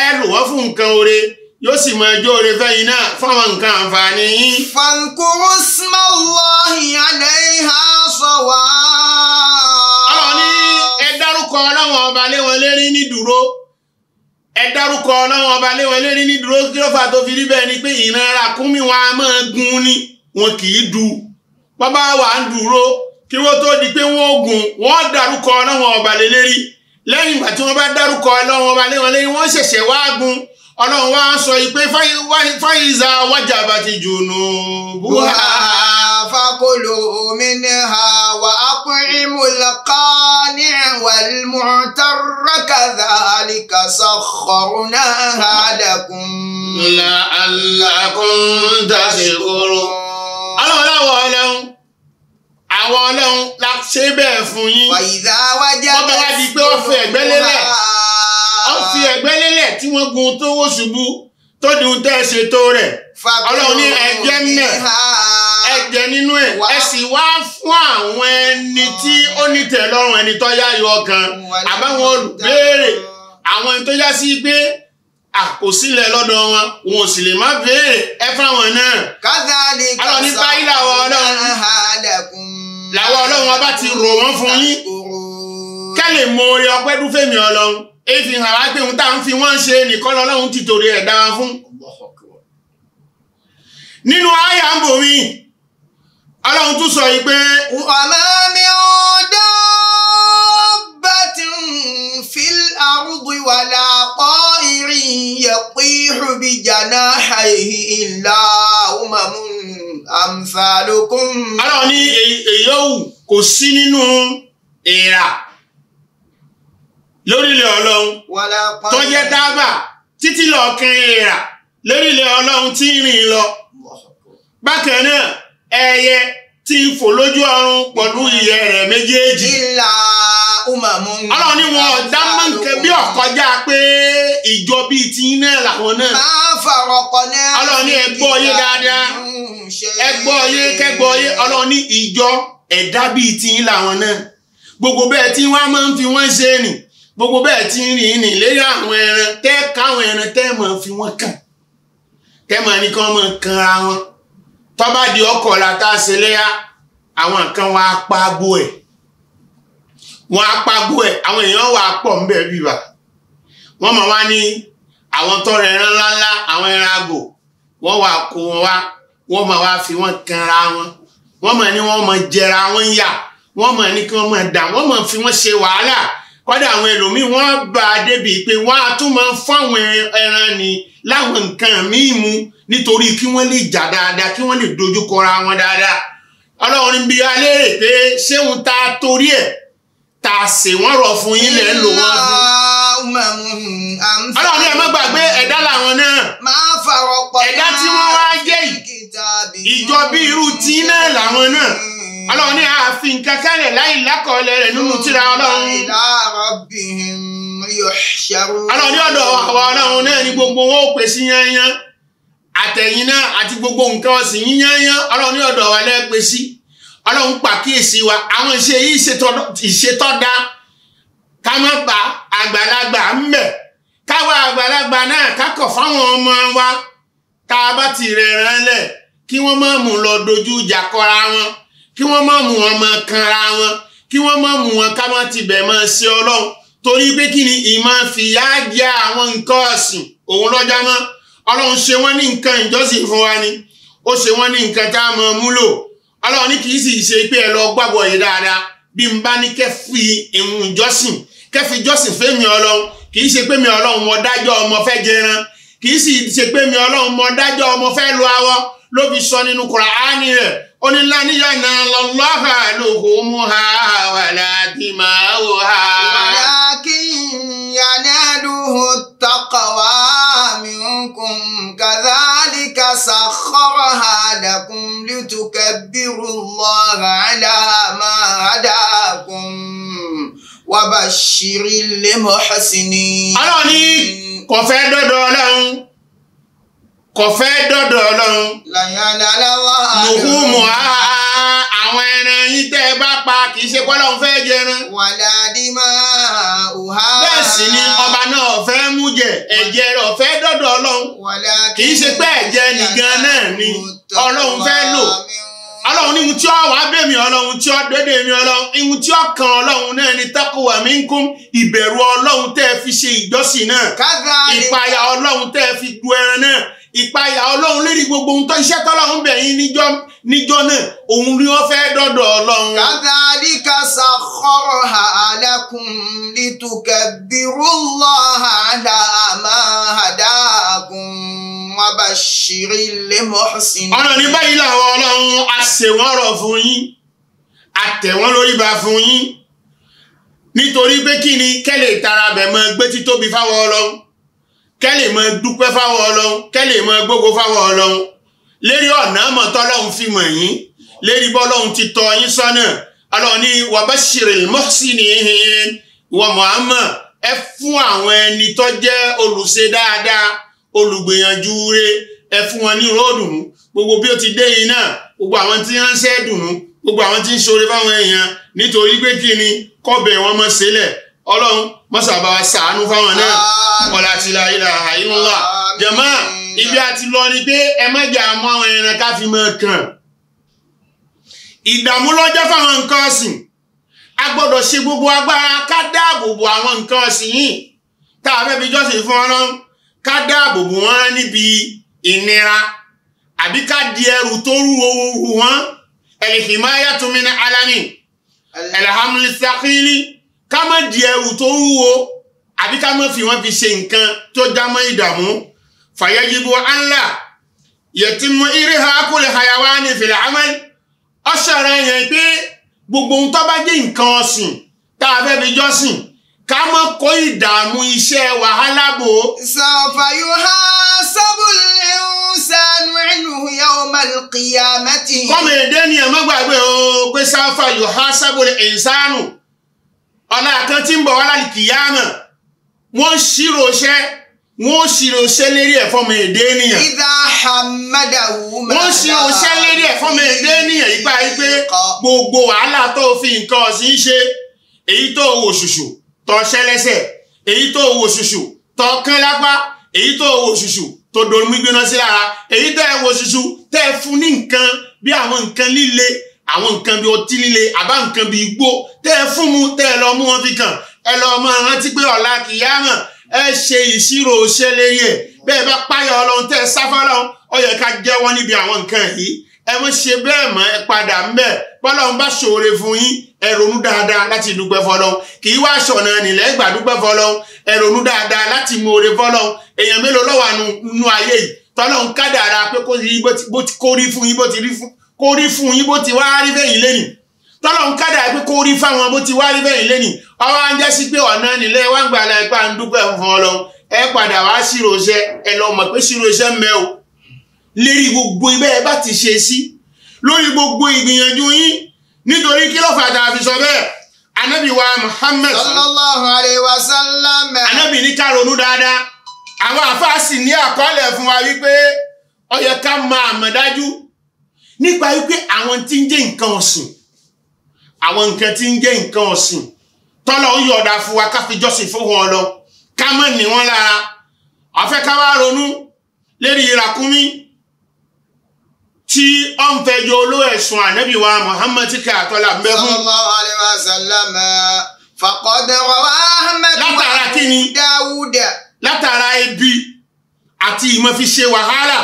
ẹ lò wọ́n fún nǹkan oore yóò sì mọ ẹjọ́ rẹ fẹ́yìn náà fáwọn nǹkan àǹfààní yín. fankuru smallahi alaiha sawa dárúkọ ọlọ́wọ́n ọba lé wọn lérí ní dúró ẹ dárúkọ ọlọ́wọ́n ọba lé wọn lérí ní dúró kí ló fà tó fi rí bẹ́ẹ̀ ni pé ìnara kúnmí wọn a máa gun ni wọn kì í du bàbá wa ń dúró kí wọ́n tó di pé wọ́n gùn wọ́n dárúkọ ọlọ́wọ́n ọba lé lérí lẹ́yìn ìgbà tí wọ́n bá dárúkọ ọlọ́wọ́n ọba lé wọn lérí wọ́n ṣẹ̀ṣẹ̀ wá gun ọlọ́run wá sọ ìpè fáyìzà wájàbá ti jùnú buha. fakulu minha wa aqimu lqani'a wal mu'tarra kadhalika sakharnaha lakum. la'allakum tashkurun. ọlọ́run láwọ̀ ọlọ́run àwọn ọlọ́run la ṣe bẹ́ẹ̀ fún yín. wàyíza wájà bẹ́ẹ̀ fún wọ́n bá wá di pé ó fi ẹ̀gbẹ́ lélẹ̀ ó fi ẹ̀gbẹ́ lélẹ̀ tí wọ́n gun tó wó ṣubú tó di ohun tẹ́ ẹ ṣe tó rẹ̀ ọlọ́run ní ẹ̀jẹ̀ náà ẹ̀jẹ̀ nínú ẹ̀ ẹ sì wá fún àwọn ẹni tí ó ní tẹ̀ lọ́rùn ẹni tó yáyọ ọkàn àbáwọn olùbéèrè àwọn ẹni tó yá sí pé àkọsílẹ̀ lọ́dọ̀ wọn wọn ò sì lè má béèrè ẹ fáwọn náà. kọ́sàlì kọ́sàlì làwọn ọlọ́run ọba ti rò wọ́n fún yín kẹ́lẹ̀ mọ orí ọpẹ́ dúfẹ́mi ọlọ́run èyí hàn wá pé òun tá ń fi wọ́n ṣe nìkan lọ́lọ́run ti torí ẹ̀ dára fún. nínú àyà ń bò mí ọlọ́run tún sọ yìí pé. wàlá mi ò dábàtì fil ardi wàlá ta'irin yaqihu bi janahihi illa umamun amsalukum. ọlọ́run ní èyí yóò kò sí nínú èèrà lórílẹ̀ ọlọ́run tó jẹ́ dábà títí lọ kan èèrà lórílẹ̀ ọlọ́run tí ń rìn lọ. bákan náà ẹyẹ tí ń fò lójú ọrùn pọ̀lú ìyẹ́ rẹ̀ méjèèjì. ìlà umamu. ọlọ́run ni wọn ọ̀dá máa bí ọ̀kọjá pé ìjọ bíi ti náà làwọn náà. máa fàrọkọ náà. ọlọ́run ni ẹ gbọ́ yé dáadáa ẹ gbọ́ yé kẹ́gbọ́ yé ọlọ́run ní ìjọ ẹ̀dá bíi ti làwọn náà gbogbo bẹ́ẹ̀ tí wọ́n máa ń fi wọ́n ṣe nìyí gbogbo bẹ́ẹ̀ ti ń rìn ní lérí àwọn ẹran tẹ́ káwọn ẹran tẹ́ máa fi wọ́n kàn tẹ́ máa ní kí wọ́n máa kanra wọn tó bá di ọkọ̀ la tá a ṣe léyà àwọn kan wá pàgbó ẹ̀ wọ́n á pàgbó ẹ̀ àwọn èèyàn wà á pọ̀ ńbẹ̀ bíbà wọ́n máa wá ní àwọn tọrọ ẹran ńláńlá àwọn ẹran àgò wọ́n wà kó wọn wá wọ́n máa wá fi wọ́n kanra wọn wọ́n máa ní wọ́n máa jẹra wọn yà wọ́n máa ní kí wọ́n máa dà wọ́n máa fi wọ́n ṣe wàhálà kọ́dà àwọn ẹlòmíì wọ́n á bá a débi pé wọ́n á tún máa fún àwọn ẹran ni láwọn nǹkan míì mu nítorí kí wọ́n lè jà dáadáa kí wọ́n lè dojúkọra wọn dáadáa ọlọ́run níbi alẹ́ rè pé ṣéun ta torí ẹ̀ ta ṣe wọ́n rọ̀ fún yín lẹ́ lò wọ́n fún. ọlọ́run ní ẹ má gbàgbé ẹ̀dá làwọn náà ẹ̀dá tí wọ́n wá jẹ́ ìjọ bí irú tí náà làwọn náà ọlọ́run ní ààfin nǹkan kálẹ̀ láì lákọọ́lẹ̀ rẹ̀ nínú tíra ọlọ́run. ọlọ́run ní ọ̀dọ̀ àwa ọlọ́run náà ní gbogbo wọn ò pè sí yányán àtẹ̀yìn náà àti gbogbo nǹkan ọ̀sìn yín yányán ọlọ́run ní ọ̀dọ̀ wa lẹ́ẹ̀ pè sí ọlọ́run pàkíyèsí wa àwọn ìṣe yìí ìṣètọ́dá ká má ba àgbàlagbà ń bẹ̀ káwa àgbàlagbà náà kákọ̀ fáwọn ọmọ wa tá a bá ti rẹ̀ rán lẹ̀ kí wọ́n má mú lọ dojú ìjà kọra wọn kí wọ́n má mú wọn máa kanra wọn kí wọ́n má mú wọn ká má tibẹ̀ máa ṣe ọlọ́run torí pé kí ni ìmọ̀ fìyà jẹ àwọn nǹkan ọ̀sìn òun lọ́jà mọ́ ọlọ́run ṣe wọ́n ní nǹkan ìjọsìn fún wa ni ó ṣe wọ́n ní nǹkan tá a mọ̀ múlò ọlọ́run ní kì í sì ṣe pé ẹ lọ gbàgbọ́ yìí dáadáa bí n bá ní kẹ́fì ìhun ìjọsìn kẹ́fì ìjọsìn fẹ́mi ọlọ́run kì í ṣe pé mi ọlọ́run mo dájọ́ ọmọ fẹ́ jẹran kì í sì ṣe pé mi ọlọ́run mo dájọ́ ọmọ fẹ́ lo awọ ló fi sọ nínú Kùránì rẹ̀ onílànìyà náà lọ́lọ́hà lóko mú ha wàlá dìmọ̀ ó ha. walakin yanaluhu taqwa minkum kadhalika sakhkharaha lakum litukabbiru Allaha ala ma hadakum wa bashiril muhsinin. ọlọ́ọ̀ni kò fẹ́ dọ́dọ̀ ọlọ́run kọ̀fẹ́ dọ̀dọ̀ ọlọ́run. nùkú mu àwọn ẹran yín tẹ́ ẹ bá pa kì í ṣe pọ́lọ́ ń fẹ́ jẹran. wàlá dìímà òhà. bẹ́ẹ̀ sì ni ọba náà fẹ́ mú jẹ ẹ̀jẹ̀ rẹ̀ ọ̀fẹ́ dọ̀dọ̀ ọlọ́run. kì í ṣe pé ẹ̀jẹ̀ nìkan náà ni ọlọ́run fẹ́ lò ọlọ́run ní ihun tí ó wàá bèmí ọlọ́run tí ó dédé mi ọlọ́run ihun tí ó kan ọlọ́run náà ni taqwa minkum ìbẹ̀rù ọlọ́run tẹ́ ẹ fi ṣe ìjọsìn náà ìpayà ọlọ́run tẹ́ ẹ fi du ẹran ìpayà ọlọ́run lérí gbogbo ohun tó iṣẹ́ tọ́lọ́run bẹ̀ yín níjọ́ náà òun ni wọ́n fẹ́ dọ́dọ̀ ọlọ́run. kadhalika sakhkharaha lakum litukabbirullaha ala ma hadakum wa bashiril muhsinin. ọ̀nà ní báyìí làwọn ọlọ́run a ṣe wọ́n rọ̀ fún yín a wọ́n lórí ba fún yín nítorí pé kí ni kẹ́lẹ̀ ìtara bẹ̀ mọ́ gbé títóbi fáwọn ọlọ́run kẹ́lẹ̀ mọ dúpẹ́ fáwọn ọlọ́run kẹ́lẹ̀ mọ gbógo fáwọn ọlọ́run lérí ọ̀nà àmọ̀tọ́lọ́run fi mọ̀ yín lérí bọ́lọ́run ti tọ́ yín sọ́nà alọ́ọ̀ni wabashiril muhsinin wa Muhammad ẹ fún àwọn ẹni tó jẹ́ olùṣe dáadáa olùgbìyànjú rẹ̀ ẹ fún wọn ní ròdùnú gbogbo bí ó ti dé yìí náà gbogbo àwọn tí ránṣẹ́ dùnú gbogbo àwọn tí ń ṣoore fáwọn èèyàn nítorí pé kí ni kọ́bẹ̀ wọn mọ̀ sílẹ̀ ọlọ́run mọ́sàbá wa ṣàánú fáwọn náà ọ̀là tí la ilà àìlúwà jẹ̀mọ́ ibi àti lọ ni pé ẹ má jẹ́ àmọ́ àwọn ẹran ká fi mọ́ kàn ìdààmú lọ́jọ́ fáwọn nǹkan ọ̀sìn a gbọ́dọ̀ ṣe gbogbo agbára ká dáàbò bo àwọn nǹkan ọ̀sìn yìí tá a fẹ́ fi jọ́sìn fún ọlọ́run ká dáàbò bo wọn níbi ìnira àbí ká di ẹrù tó rú owó wọn ẹ̀lẹ́fìmáyà tómi alámì ẹ̀lẹ́hàmúlẹ́sàkìlì ká má di ẹrù tó ń wúwo àbí ká má fi wọ́n fi ṣe nǹkan tó já mọ́ ìdààmú fàyẹ́jìbò ánlá yẹtìmọ iréha kúlẹ̀ hayawa ní ìfìlẹ̀ amẹ́lì ọ̀ṣẹ̀rẹ̀ yẹn pé gbogbo ohun tó bá jẹ́ nǹkan ọ̀sìn tá a fẹ́ fi jọ́sìn ká má kó ìdààmú iṣẹ́ wàhálà bò. sọ̀fà yóò há sábùlẹ̀ sanu ẹnu yawmal qiyamati. kọ́mi èdè ni ẹ̀ má o pé sáfà yóò há sábùlẹ̀ ẹ̀ sánú ọ̀nà kan tí ń bọ̀ wá lálìkìyàmọ̀ wọ́n ṣírò iṣẹ́ wọ́n ṣírò iṣẹ́ lérí ẹ̀ fọ́mọ èdè ènìyàn. ìdá hamada wù mí. wọ́n ṣírò iṣẹ́ lérí ẹ̀ fọ́mọ èdè ènìyàn yípa wípé gbogbo wàhálà tó fi nǹkan ọ̀sìn ṣe èyí tó wò ṣùṣù tó ṣẹlẹ́sẹ̀ èyí tó wò ṣùṣù tó kán lápá èyí tó wò ṣùṣù tó dorí gbígbóná sí lára èyí tó ẹ̀ wò ṣùṣù tẹ́ fún ní nǹkan bí àwọn nǹkan líle àwọn nǹkan bíi ọtí líle àbá nǹkan bíi igbó tẹ́ ẹ fún mu tẹ́ ẹ lọ mú wọn fi kàn ẹ lọ mọ rántí pé ọ̀la kìyà hàn ẹ ṣe ìṣirò ṣẹlẹ̀ yẹ bẹ́ẹ̀ bá páyọ̀ ọlọ́run tẹ́ ẹ sáfọ́ lọ́hún ó yẹ ká jẹ́wọ́ níbi àwọn nǹkan yìí ẹ mọ̀ ṣe bẹ́ẹ̀ mọ́ ẹ padà ń bẹ̀ bọ́lọ́run bá ṣòro fún yín ẹ ronú dáadáa láti dúpẹ́ fọlọ́run kì í wá ṣọ̀nà nílẹ̀ gbà dúpẹ́ fọlọ́run ẹ ronú dáadáa láti mú oore fọlọ́run èèyàn mélòó lọ́wọ́ nínú ayé yìí tọ́lọ́run kádàrá pé kó rí bó ti kó rí fún yín bó ti rí fún kó rí fún yín bó ti wá rí bẹ́yìn tọ́lọ̀ ń kádà pé kó rí fáwọn bó ti wá rí bẹ́yìn lẹ́nì ọwọ́ á ń pé ọ̀nà nílẹ̀ wá ń gbà láìpá ń dúpẹ́ fún ọlọ́run ẹ padà wá iṣẹ́ ẹ mọ̀ gbogbo ibẹ̀ bá ti ṣe sí gbogbo ìgbìyànjú yín nítorí kí ló anabi wa sallallahu alayhi wa sallam anabi ní dáadáa àwọn ní àkọọ́lẹ̀ fún wa wípé yẹ ká máa mọ̀ nípa wípé àwọn tí ń jẹ́ nǹkan ọ̀sìn àwọn nǹkan tí ń jẹ́ nǹkan ọ̀sìn tọ́lọ̀ ń yọ̀ọ̀dà fún wa ká fi jọ́sìn fún wọn lọ ká mọ̀ ní wọn lára àfẹ́ ká wá ronú lérí ìràkúnmí tí ó ń fẹjọ́ olóò ẹ̀sùn ànábì wa Muhammad tí ká àtọ́lá ń bẹ fún. sallallahu alaihi wasallam faqad látara kí Dáwúdà. látara ibi àti ìmọ̀ fi ṣe wàhálà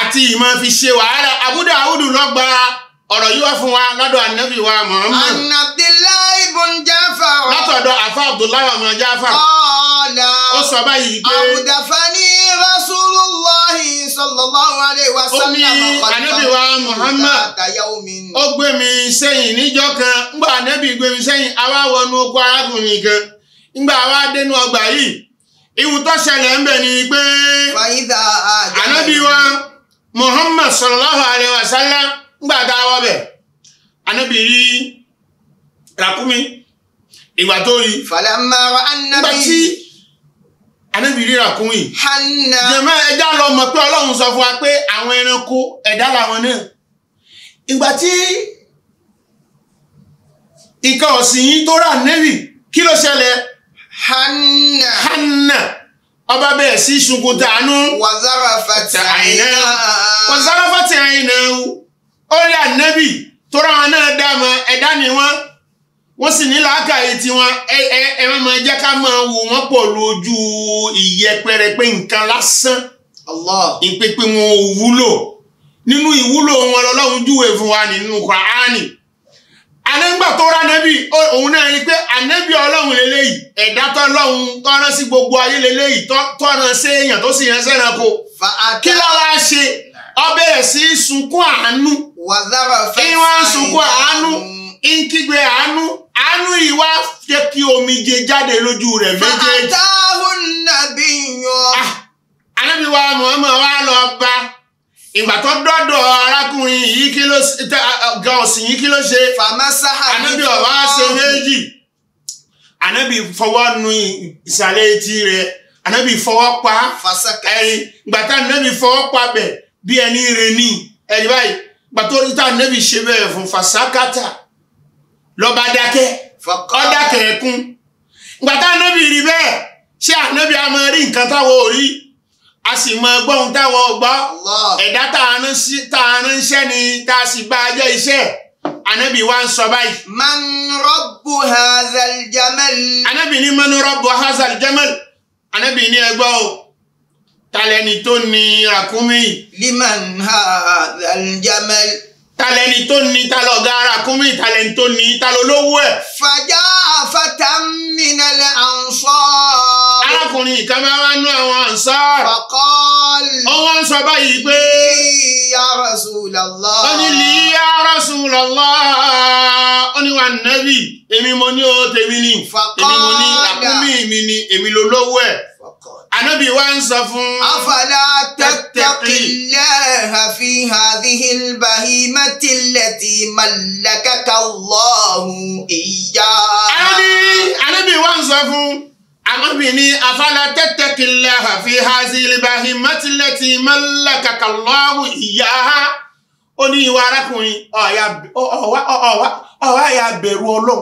àti ìmọ̀ fi ṣe wàhálà Abu Dawud ló gba ọ̀rọ̀ yìí wá fún wa lọ́dọ̀ ànábì wa Muhammad. Abdullahi ibn Jafar. látọ̀dọ̀ àfa Abdullahi ọmọ Jafar. ọ̀ọ́lá ó sọ báyìí pé. àbùdàfà ní Rasulullahi sallallahu alayhi wa sallam. ó ní ànábì wa Muhammad ó gbé mi sẹ́yìn níjọ́ kan ńgbà ànábì gbé mi sẹ́yìn àwa wọnú oko arákùnrin kan ńgbà àwa dénú ọgbà yìí ìwù tó ṣẹlẹ̀ ń ni pé. fàyídà àjẹ́ muhammad sallallahu alayhi wa sallam bẹ̀ anábì rí ìgbà tó falamma wa annabi. mọ̀ pé ọlọ́run sọ fún wa pé àwọn ẹranko ẹ̀dá làwọn náà. ọba bẹ̀rẹ̀ sí sunkún dànù. wàzára fati àyìnà. wàzára fati àyìnà ó rí ànábì tó wọn náà dá mọ ẹ̀dá ni wọn wọ́n sì ní làákàyè tiwọn ẹ ẹ ẹ má máa jẹ́ ká máa wò wọ́n pọ̀ lójú ìyẹpẹrẹ pé nǹkan lásán ìpèpè wọn ò wúlò nínú ìwúlò wọn lọ́lọ́run júwe fún wa nínú Kùránì ànẹ́gbà tó rà nẹ́bì òun náà ni pé ànẹ́bì ọlọ́run lélẹ́yìí ẹ̀dá tọ́lọ́run tọ́ran sí gbogbo ayé lélẹ́yìí tọ́ran sí èèyàn tó sì yẹn sẹ́ranko. kí ló wá ṣe ọbẹ̀ sí sunkún àánú kí wọ́n sunkún àánú ń àánú àánú yìí wá jẹ́ kí omijé jáde lójú rẹ̀ méjèèjì. fàtàhùn nàbí yan. ànábì wa Muhammad wa lọ bá ìgbà tó dọ́dọ̀ arákùnrin yìí kí ló ga ọ̀sìn yìí kí ló ṣe ànábì ọ̀wá ṣe méjì ànábì fọwọ́ nu ìsàlẹ̀ etí rẹ̀ ànábì fọwọ́ pa ẹ̀yìn ìgbà tá ànábì fọwọ́ pa bẹ̀ bí ẹni rẹ̀ ní ẹ̀yìn báyìí ìgbà tó rí tá ànábì ṣe bẹ́ẹ̀ fún fàṣákàtà lọ́ba dákẹ́ ọ̀dà kẹ̀kún ìgbà tá ànábì rí bẹ́ẹ̀ ṣé ànábì àmọ́ rí nǹkan táwọn ò rí a sì mọ gbọ́hun táwọn ọgbọ́ ẹ̀dá tá a ránṣẹ́ ni tá a sì bá a jẹ́ iṣẹ́ anabi wa ń sọ báyìí. man rọ́bù hazal jamal. anabi ni man rọ́bù hazal jamal anabi ni ẹgbọ́ o talẹ́ni tó ni ràkúnmí. liman hazal jamal talẹni tó ní talẹ ọgá arákùnrin tó ní talẹ olówó ẹ. fàjà fata minẹlẹ ansọ. arákùnrin kan máa ansar. Fakọ́ọ̀lì. Ó wá ń sọ báyìí pé. Liya Rasulallah. Ó ní Liya Rasulallah. Ó ní wa nẹ́bì. Èmi mo ní o tèmi ni. Fakọ́ọ̀lì. Èmi mo ní àkúmí mi ni. Èmi ló lówó ẹ̀. Ànábì wa ń sọ fún. Afala tattaqillaha fi hadhihi al-bahimati allati mallakaka Allahu iyyaha. Ànábì wa ń sọ fún arábìnrin afálà tẹ́tẹ́kìlá àfi hazilibahi mọ́tìlẹ́tì mọ́lákàkàlọ́wù ìyá ó ní ìwà arákùnrin ọ̀wá ya bẹ̀rù ọlọ́run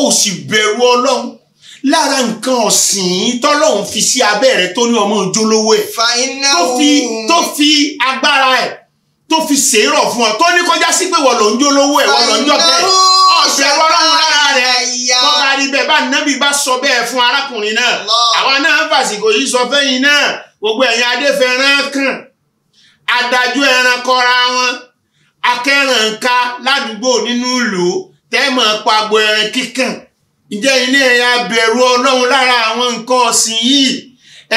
ó sì bẹ̀rù ọlọ́run lára nǹkan ọ̀sìn tọ́lọ́run fi sí abẹ́ rẹ̀ tó ní ọmọ ìjólówó ẹ̀ tó fi agbára ẹ̀ tó fi ṣèrọ̀ fún ọ tó ní kọjá sí pé wọ́n ló ń jólówó ẹ̀ wọ́n ló ń jọ̀tẹ̀ ẹ̀ ọ̀sẹ̀ ọlọ́run lára rẹ̀ bọ́ba rí bẹ́ẹ̀ bá nẹ́bí bá sọ bẹ́ẹ̀ fún arákùnrin náà àwa náà ń fàsìkò yìí sọ fẹ́yìn náà gbogbo ẹ̀yin adéfẹ́ràn kàn adájú ẹran kọra wọn akẹ́rànká ládùúgbò nínú ìlú tẹ́mọ̀ pagbo ẹran kíkàn ǹjẹ́ ilé ẹ̀yà bẹ̀rù ọlọ́run lára àwọn nǹkan ọ̀sìn yìí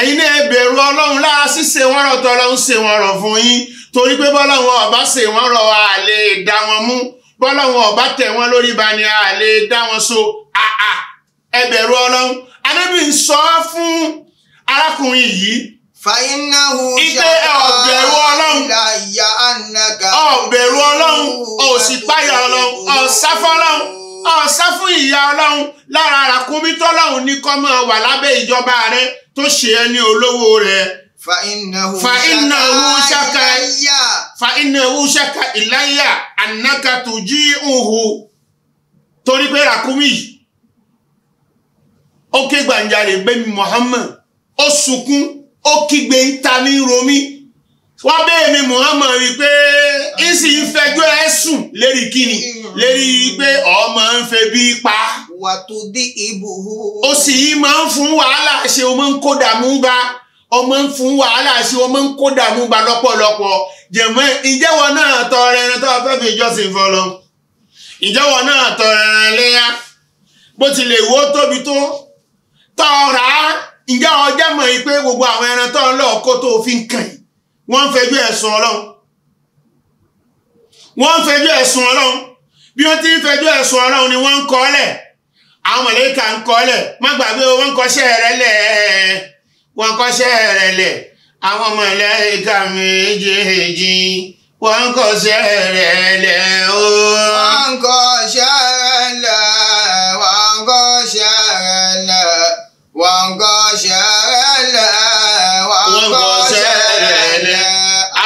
ẹ̀yin náà bẹ̀rù ọlọ́run lára ṣíṣe wọn rọ̀ tọ́lọ́run ṣe wọn rọ̀ fún yín torí pé bọ́lọ́run ọ̀bá ṣe wọn rọ̀ àlè dá wọn mú bọ́lọ́run ọ̀bá tẹ̀ wọ́n lórí ba ni a lè dá wọn so àà ẹ ọlọ́run anábì ń sọ fún arákùnrin yìí. fàyínnáhu ṣàkóso ọ̀bẹ̀rù ọlọ́run òsìpáyà ọlọ́run ọ̀sáfọ́ ọlọ́run ọ̀sáfún ìyá ọlọ́run lára àràkúnmí tọ́lọ́run ní kó wà lábẹ́ ìjọba rẹ tó ṣe ẹni olówó rẹ. fàyínnáhu ṣàkóso fa iná owó ṣẹ́ka ìláyà ànákàtò jí òhù torí pé ràkúmí ó ké gbàǹjarè gbẹ̀mí Muhammad ó sunkún ó kígbe ta ní romi wọ́n bẹ́ẹ̀ ni Muhammad rí i pé ń sì ń fẹjọ́ ẹ lérí kíni lérí pé ọmọ ń fẹ́ bí pa wàtòdé ìbòho. ó sì yí máa ń fún wàhálà ṣe o máa ń kó dààmú bá ọmọ ń fún wàhálà ṣe o máa ń kó dààmú bá lọ́pọ̀lọpọ̀ jẹ̀mọ́ ìjẹ́wọ́ náà tọrẹ ẹran tó a fẹ́ fi ìjọsìn fọlọ ìjẹ́wọ́ náà tọrẹ ẹran léyà bó ti lè wó tóbi tó tọrà ìjẹ́ ọjọ́ mọ̀ yìí pé gbogbo àwọn ẹran tó ń lọ kó tó fi ń kàn yìí wọ́n ń fẹjọ́ ẹ̀sùn ọlọ́run wọ́n ń fẹjọ́ ẹ̀sùn ọlọ́run bí wọ́n ti ń fẹjọ́ ẹ̀sùn ọlọ́run ni wọ́n ń kọ́ lẹ̀ àwọn mọ̀lẹ́kà ń kọ́ lẹ̀ má gbàgbé wọ́n ń kọ́ṣẹ́ rẹ̀ lẹ̀ wọ́n ń kọ́ṣẹ́ rẹ̀ lẹ̀ àwọn mọ̀lẹ́ka méjèèjì wọ́n ń kọsẹ̀ rẹ̀ lẹ̀ o. wọ́n ń kọsẹ̀ rẹ̀ lẹ̀ wọ́n ń kọsẹ̀ rẹ̀ lẹ̀ wọ́n ń kọsẹ̀ rẹ̀ lẹ̀ wọ́n ń kọsẹ̀ rẹ̀ lẹ̀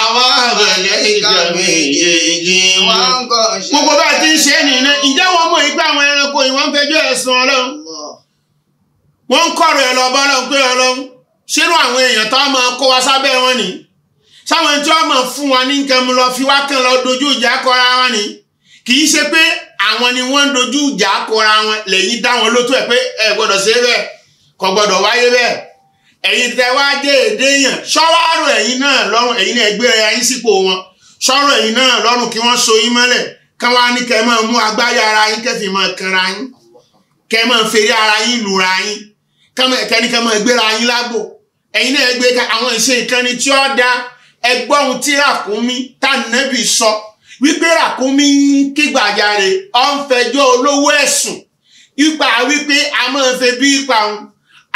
àwọn mọ̀lẹ́ka méjèèjì wọ́n ń kọsẹ̀. gbogbo bá a ti ń ṣe é nìyẹn ìjà wọn mọ ìgbà àwọn ẹranko ìwọ̀n fẹjọ́ ẹ̀sùn Ọlọ́run wọ́n ń kọ̀rọ̀ ẹ̀ lọ́bọ́ Ọlọ́run pé Ọlọ́run ṣérú àwọn èèyàn tó máa kó wa sábẹ́ wọn ni sáwọn tí wọ́n máa fún wa ní nǹkan mu lọ fi wá kàn lọ dojú ìjà kọra wọn ni kì í ṣe pé àwọn ni wọ́n ń dojú ìjà kọra wọn lẹ́yìn dá wọn lótó ẹ̀ pé ẹ gbọ́dọ̀ ṣe bẹ́ẹ̀ kò gbọ́dọ̀ wáyé bẹ́ẹ̀ ẹ̀yin tẹ wá dé èdè yàn ṣọ́wárò ẹ̀yin náà lọ́rùn ẹ̀yin náà gbé ẹ̀yà yín sípò wọn ṣọ́rọ̀ ẹ̀yin náà lọ́rùn kí wọ́n so yín mọ́lẹ̀ kán wá ní kẹ́ máa mú agbáyà ara yín kẹ́ fi máa kanra yín kẹ́ máa fèrè ara yín lùra yín kẹ́ni kẹ́ máa gbéra yín lágbo ẹ̀yin náà gbé ká àwọn ìṣe ìkànnì tí ó dá ẹgbọ́ ohun tí ràkúnmí tànàbì sọ wípé ràkúnmí ń kígbàjarè ọ̀ ń fẹjọ́ olówó ẹ̀sùn ipa wípé a máa fẹ́ bí ipa òun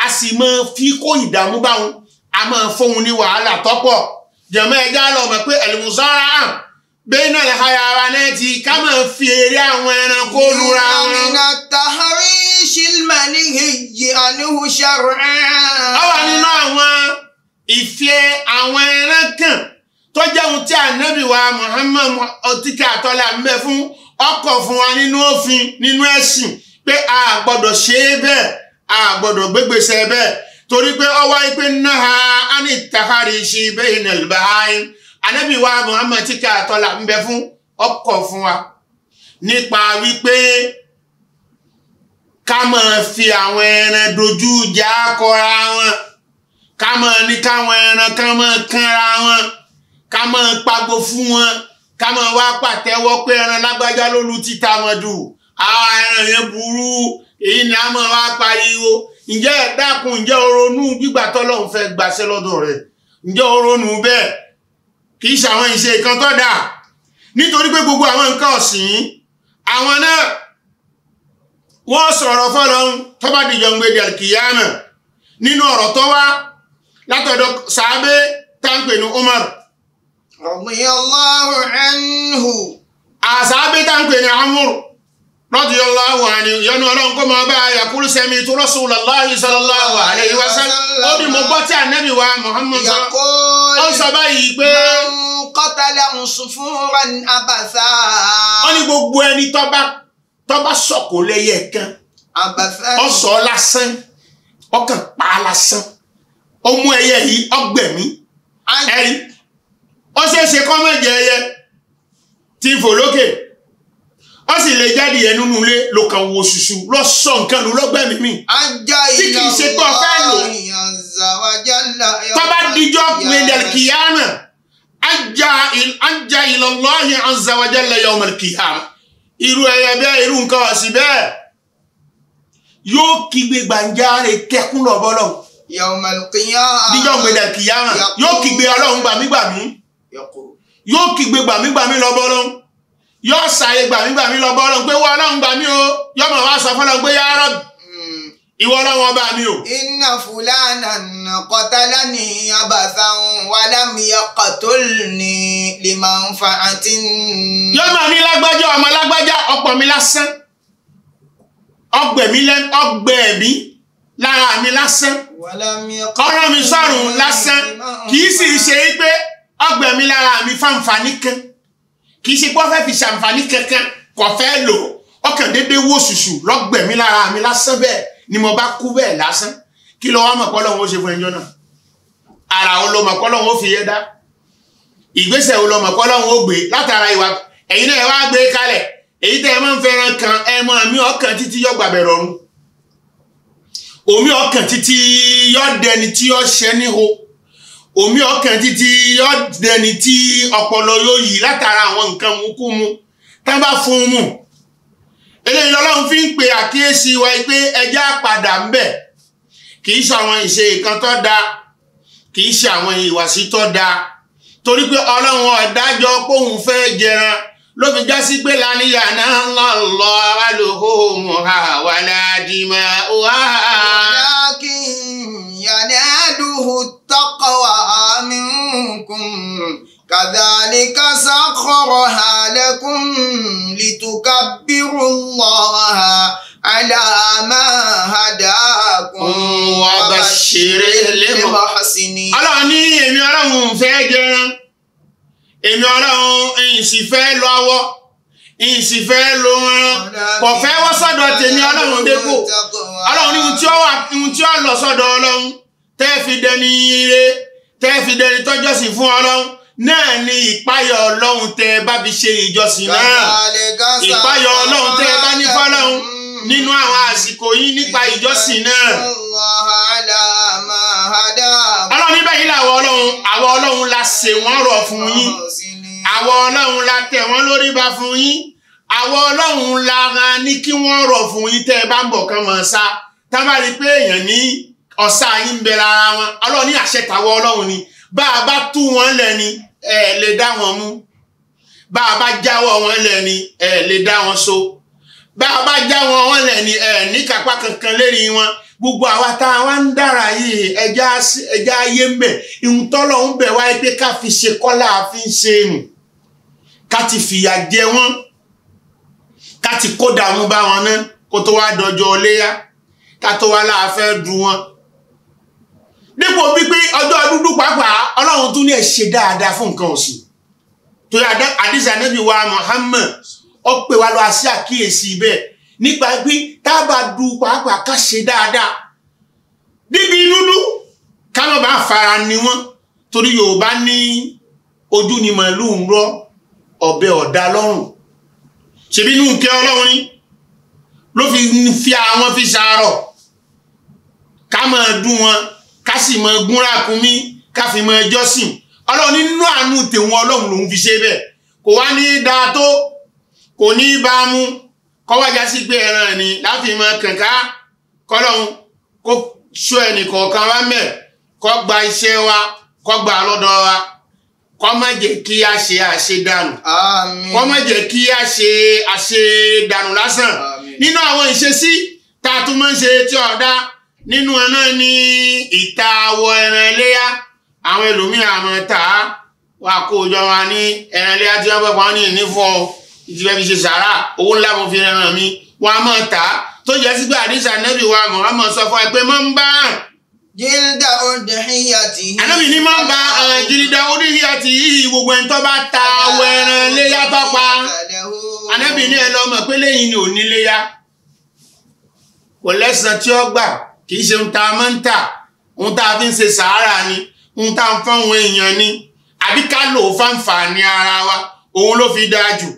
a sì máa fi kó ìdààmú bá òun a máa fóun ní wàhálà tọ́pọ̀ jẹ̀mọ́ ẹja lọ mọ̀ pé ẹ̀lùmùsọ́ra hàn bẹ́ẹ̀ náà lè ha ara náà ti ká máa fi eré àwọn ẹranko lura wọn. ìlànà tàhárí ṣílmẹ̀lì èyí àníhu ṣàrẹ̀. ó wà nínú àwọn ìfẹ́ àwọn ẹran kan tó jẹ́ ohun tí ànábì wa Muhammad ọtíkà àtọ́lá ń bẹ fún ọkọ̀ fún wa nínú òfin nínú ẹ̀sìn pé a gbọ́dọ̀ ṣe é bẹ́ẹ̀ a gbọ́dọ̀ gbégbèsè bẹ́ẹ̀ torí pé ọwọ́ ipe náà á ní ìtàkárí ṣe bẹ́ẹ̀ ní ẹ̀lùbáyé ànábì wa Muhammad àtọ́lá ń bẹ fún ọkọ̀ fún wa nípa wípé ká máa fi àwọn ẹran dojú ìjà kọra wọn ká máa ní káwọn ẹran ká máa kánra wọn ká máa pagbo fún wọn ká máa wá pàtẹ́wọ́ pé ẹran lágbájá ló lu títa wọn dù àwọn ẹran yẹn burú èyí ni a máa wá pariwo ǹjẹ́ dákun ǹjẹ́ o ronú gbígbà tọ́lọ́run fẹ́ gbàṣẹ́ lọ́dọ̀ rẹ̀ ǹjẹ́ o ronú bẹ́ẹ̀ kì í ṣàwọn ìṣe kan tó dáa nítorí pé gbogbo àwọn nǹkan ọ̀sìn àwọn náà wọ́n sọ̀rọ̀ fọ́lọ́hún tó bá dìjọ ń gbèdè àkìyàmẹ̀ nínú ọ̀rọ̀ tó wá látọ̀dọ̀ sàábé táǹpẹ̀ ní Umar. radiyallahu anhu. àsàábé táǹpẹ̀ ní Amr radiyallahu anhu yọnu ọlọ́run kó máa bá yaqulu sami'tu rasulallahi sallallahu alayhi wa sallam ó ní mo gbọ́ tí ànábì wa Muhammad sọ ó sọ báyìí pé. man qatala usfuran abasa. ó ní gbogbo ẹni tó bá tọ́ bá sọ̀kò lẹ́yẹ kan ọ̀sọ̀ lásán ọkàn pa lásán ó mú ẹyẹ yìí ọgbẹ̀mí ẹyí ó ṣeéṣe kọ́ mọ̀ jẹ ẹyẹ tí fò lókè ó sì lè jáde yẹn nínú ilé ló kàn wo ṣùṣù lọ sọ nǹkan lù lọ́gbẹ̀mí mi tí kì í ṣe tó fẹ́ lò tọ́ bá dijọ́ gbẹdẹ̀kìyà náà anja ilallahi azza wa jalla yawmal irú ẹyẹ bẹ́ẹ̀ irú nǹkan ọ̀sìn bẹ́ẹ̀ yóò kígbe gbàǹjarè kẹkún lọ́bọ́lọ́ díjọ́ gbẹ̀dẹ̀ kìyàmà yóò kígbe ọlọ́run gbàmígbàmí yóò kígbe gbàmígbàmí lọ́bọ́lọ́ yóò ṣàyè gbàmígbàmí lọ́bọ́lọ́ pé wọ́n ọlọ́run gbàmí o yọ́mọ̀ wá sọ fọ́lọ́ pé yá rọ́bì ìwọ ọlọ́wọ́n bá mi o. iná fúlànà kọtàlá ní abàtà wàlámìyà kàtólùní lè máa ń fa àti. yọmọ mi lágbájá ọmọ lágbájá ọ̀pọ̀ mi lásán ọgbẹ̀mí ọgbẹ̀mí lára mi lásán ọ̀rọ̀ mi sọ̀rùn lásán kì í sì ṣe é pé ọgbẹ̀mí lára mi fáǹfààní kan kì ṣe pé ó fẹ́ fi ṣàǹfààní kankan kò fẹ́ lò ọkàn déédéé wò ṣùṣù lọ́gbẹ̀mí lára mi lásán bẹ́ẹ̀ ni mo bá kú bẹ́ẹ̀ lásán kí ló wá mọ̀ pé Ọlọ́run ó ṣe fún ẹjọ́ náà ara wo ló mọ̀ pé Ọlọ́run ó fi yẹ dá ìgbésẹ̀ wo ló mọ̀ pé Ọlọ́run ó gbé látara ìwà ẹ̀yin náà wá gbé kalẹ̀ èyí tẹ́ ẹ máa ń fẹ́ràn kan ẹ mọ àmì ọkàn títí yọ gbàbẹ̀ rọrùn omi ọkàn títí yọ dẹni tí yọ ṣẹ ního omi ọkàn títí yọ dẹni tí ọpọlọ yóò yí látara àwọn nǹkan mú kú mu tá bá fún un mú eléyìí lọ́lọ́run fi ń pe àkíyèsí wa pé ẹjẹ́ àpàdà ń bẹ̀ kì í ṣe àwọn ìṣe nǹkan tó da kì í ṣe àwọn ìwàsí tó da torí pé ọlọ́run ọ̀dájọ́ póun fẹ́ jẹran ló fi já sí pé lánìyà náà ń lọ lọ alóhó mọ̀há wà ládìmọ̀ wá. lákì yàrá dùhù taqwa minkum. كذلك سخرها لكم لتكبروا الله على ما هداكم وبشر المحسنين ọlọ́run ní èmi ọlọ́run fẹ́ jẹran èmi ọlọ́run ẹ̀yìn fẹ́ lọ awọ́ ẹ̀yìn fẹ́ lọ ẹran kò fẹ́ wọ́ sọ́dọ̀ tèmi ọlọ́run dépò ọlọ́run ní ohun tí ó lọ sọ́dọ̀ ọlọ́run tẹ́ fi dẹni ire tẹ́ fi dẹni tọ́jọ́sìn fún ọlọ́run náà ni ìpáyọ̀ ọlọ́run tẹ ẹ bá fi ṣe ìjọsìn náà ìpáyọ̀ ọlọ́run tẹ ẹ bá ní fọlọ́run nínú àwọn àsìkò yìí nípa ìjọsìn náà. ọlọ́run níbẹ̀ yìí làwọn ọlọ́run àwọn ọlọ́run la ṣe wọ́n rọ̀ fún yín àwọn ọlọ́run la tẹ̀ wọ́n lórí ba fún yín àwọn ọlọ́run la ran ní kí wọ́n rọ̀ fún yín tẹ́ ẹ bá ń bọ̀ kán mọ̀ ṣá tá bá rí pé èèyàn ní ọ̀sá yín ń bẹ lára wọn ọlọ́run ní àṣẹ tàwọn ọlọ́run ni bá a bá tú wọn lẹ́ni ẹ lè dá wọn mú bá a bá jáwọ́ wọn lẹ́ni ẹ lè dá wọn so bá a bá já wọn wọn lẹ́ni ẹ ní kápá kankan lérí wọn gbogbo àwa tá a wá ń dára yìí ẹja ayé ń bẹ ìhùntọ́lọ̀ ń bẹ̀ wáyé pé ká fi ṣe kọ́lá fi ń ṣe nù ká ti fìyà jẹ wọn ká ti kó dààmú bá wọn náà kó tó wá dọjọ́ léyà ká tó wá láàfẹ́ dùn wọn dípò wípé ọjọ́ dúdú pàápàá ọlọ́run tún ní ẹ̀ ṣe dáadáa fún nǹkan oṣù tó yà àdìsí ànábì wa Muhammad ó pè wá lọ sí àkíyèsí bẹ́ẹ̀ nípa pé tábà du pàápàá ká ṣe dáadáa níbi dúdú ká má bàa fara ni wọ́n torí Yorùbá ní ojú ni màálù ń rọ ọ̀bẹ ọ̀dà lọ́rùn ṣèbí inú nkẹ́ ọlọ́run ni ló fi fi àwọn fi ṣàárọ̀ ká máa dún wọn ká sì mọ gúnrakùnmí ká fi mọ jọ́sìn ọlọ́run nínú àánú tèwọn ọlọ́run lòún fi ṣe bẹ́ẹ̀ kò wá ní da tó kò ní bá a mú kọ́wájá sí pé ẹran ni láti mọ kànká kọ́lọ́run kó sọ ẹnì kọ̀ọ̀kan wá mẹ́ kó gba iṣẹ́ wa kó gba lọ́dọ̀ wa kó má jẹ́ kí a ṣe àṣedànù àmín kó má jẹ́ kí a ṣe àṣedànù lásán àmín nínú àwọn ìṣesí tá a tún máa ń ṣe tí ọ̀dá nínú ẹ náà ní ìta awọ ẹran iléyà àwọn ẹlòmíràn àmọ́ ta wà kó jọ wa ní ẹran iléyà tí wọ́n bẹ̀ wọ́n ní ìnífọ̀ ìtìfẹ́ fi ṣe sàrà owó ńlá mo fi ràn mí wọ́n á mọ̀ ta tó jẹ́ sígbà àdìsá nẹ́bí wa Muhammad sọ fún ẹ pé mọ́ ń bá jírídà òde híyà tì í. ànábì ní máa ń ba jírídà òde híyà tì í gbogbo ẹni tó bá ta wẹran léyà tó pa ànábì ní ẹ lọ mọ̀ pé lẹ́yìn ni ò ní léyà kò lẹ́sàn tí ó gbà kì í ṣe ohun tá a máa ń tà ohun tá a fi ń ṣe sàárà ni ohun tá a ń fáwọn èèyàn ni àbí ká lò ó fáǹfààní ara wa òun ló fi dáa jù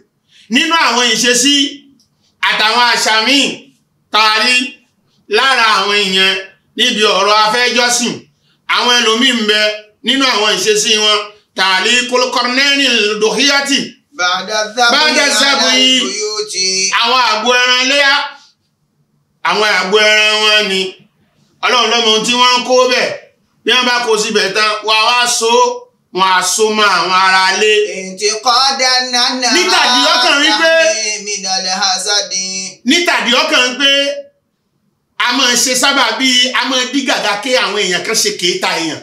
nínú àwọn ìṣesí àtàwọn àṣà míì taari lára àwọn èèyàn níbi ọ̀rọ̀ afẹ́jọ́sìn àwọn ẹlòmíì ń bẹ nínú àwọn ìṣesí wọn tààlí kọlọkọrọnẹ́rìn lòdòhíyàtì bàdà sábùyí àwọn àgbo ẹran léyà àwọn àgbo ẹran wọn ni ọlọ́run lọ́mọ tí wọ́n ń kó bẹ̀ bí wọ́n bá kó síbẹ̀ tán wàá wá so wọn á so mọ́ àwọn ará ilé. ètò kọ́dà nánà nítàdí ọkàn rí pé nítàdí ọkàn rí pé a máa ṣe sábà bíi a máa dí gàgà ké àwọn èèyàn kan ṣe kéèta èèyàn.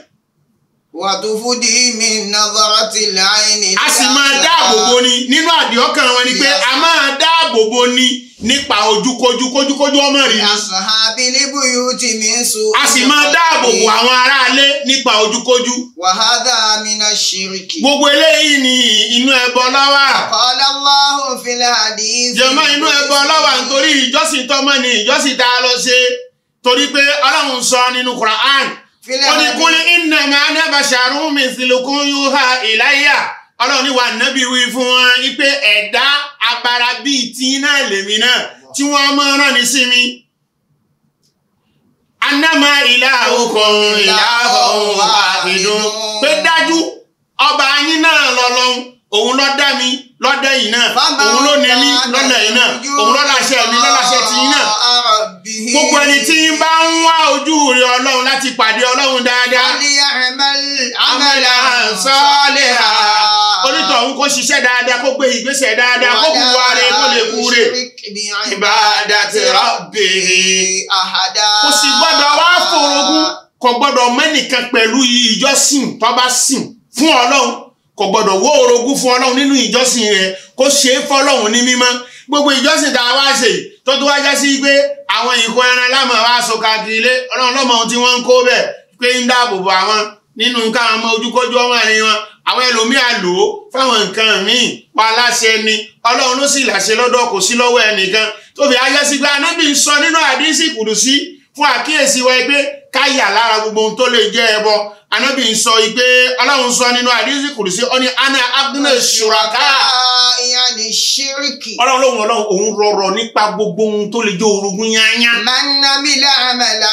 wàtúfúdì mi nàbọ̀rọ̀ ti láì ní. a sì máa dáàbò bo ni nínú àdìọ́kàn wọn ni pé a máa dáàbò bo ni nípa ojúkojú kójúkójú ọmọ rí. àṣàbí níbo yóò ti mi ń so. a sì máa dáàbò bo àwọn aráalé nípa ojúkojú. wàhádà mina ṣìrìkì. gbogbo eléyìí ni inú ẹbọ lọ́wọ́. ọ̀làláhùn fìlẹ̀ àdìsí. jẹ̀mọ́ inú ẹbọ lọ́wọ́ nítorí ìjọsìn tọ́mọ ni ìjọsìn tá a lọ ṣe torí pé ọlọ́run sọ nínú Quran. ó ní kúlí ìnàmà anábàṣàrún mi sílùkún yóò ha ìláyà ọlọ́run ní wà abara bíi tí náà lèmi náà tí wọ́n máa rán ní sí mi. anama ilá okòó ìyá ọ̀hún àbìdún pé dájú ọba yín náà lọ́lọ́hún òun ló dá mi ló dá yìí náà òun ló ní mi lọ́dọ̀ yìí náà òun ló láṣẹ mi ló láṣẹ ti yìí náà gbogbo ẹni tí ń bá ń wá ojú rẹ ọlọ́run láti pàdé ọlọ́run dáadáa amẹ́lá sọ́ọ́lẹ̀ ha onítọ̀ òun kò ṣiṣẹ́ dáadáa kó gbé ìgbésẹ̀ dáadáa kó kú wa rẹ kó lè kú rẹ ìbádàtì rábìrì kò sì gbọ́dọ̀ wá fòrògùn kò gbọ́dọ̀ mẹ́nìkan pẹ̀lú ìjọsìn tó sìn fún ọlọ́run kò gbọdọ̀ wó orogún fún ọlọ́run nínú ìjọsìn rẹ kó ṣe é fọlọ́run ní mímọ́ gbogbo ìjọsìn tá a wá ṣe tó tó wá já sí pé àwọn ìkọ̀ ẹran lámà wá so káàkiri ilé ọlọ́run lọ́mọ ohun tí wọ́n ń kó bẹ̀ pé ń dáàbò bò àwọn nínú káwọn ọmọ ojúkójú ọmọ rìn wọn àwọn ẹlòmíà lò ó fáwọn nǹkan míì pa láṣẹ ni ọlọ́run ló sì láṣẹ lọ́dọ̀ kò sí lọ́wọ́ ẹnìkan tó fi ajá sí pé anábì ń sọ nínú àdínsì kùdùsí fún àkíyèsí wa pé káyà lára gbogbo ohun tó lè jẹ́ ẹbọ anábì sọ pé ọlọ́run sọ nínú àdísì kùrìsí ó ní ana agnẹ ṣùràká. ìyá ni ṣíríkì. ọlọ́run lóhun ọlọ́run òun rọrọ nípa gbogbo ohun tó lè jẹ́ orogún yányá. mànàmílà àmàlà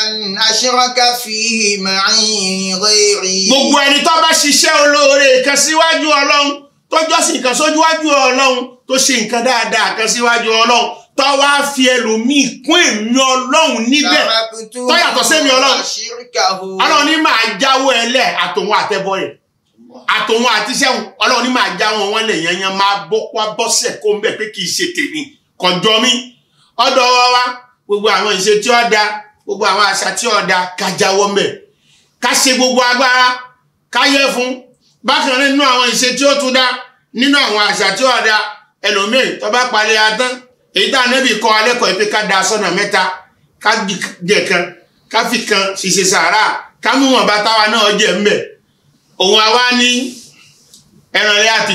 àṣírọ́kà fi màáyìn rèé. gbogbo ẹni tó bá ṣiṣẹ́ olóore kan síwájú ọlọ́run tó jọ́sìn kan sójúwájú ọlọ́run tó ṣe nǹkan dáadáa kan síwájú ọlọ́run tọ́wá fi ẹlòmíì kún èmi ọlọ́run níbẹ̀ tọ́yàtọ̀ sẹ́mi ọlọ́run ọlọ́run ní máa jáwọ́ ẹlẹ́ àtòun àtẹ́bọ̀ rẹ̀ àtòun àti sẹ́wọ̀n ọlọ́run ní máa jáwọ́ wọn lè yanyan máa bọ́pá bọ́sẹ̀ kó ń bẹ̀ pé kì í ṣe tèmi kọjọ́ mi ọ̀dọ̀ wa gbogbo àwọn ìṣe tí ó da gbogbo àwọn àṣà tí ó da ká jáwọ́ ń bẹ̀ ká ṣe gbogbo agbára ká yẹ fún bákan nínú àwọn ìṣe tí ó tún da nínú àwọn àṣà tí ó da ẹlòmíì tó bá palẹ̀ adán èyí tá ànábì kọ́ alẹ́kọ̀ọ́ yìí pé ká da sọ́nà mẹ́ta ká jẹ kan ká fi kan ṣiṣẹ́ sàárà ká mú wọn bá táwa náà jẹ ńbẹ òun àwa ní ẹran ilé àti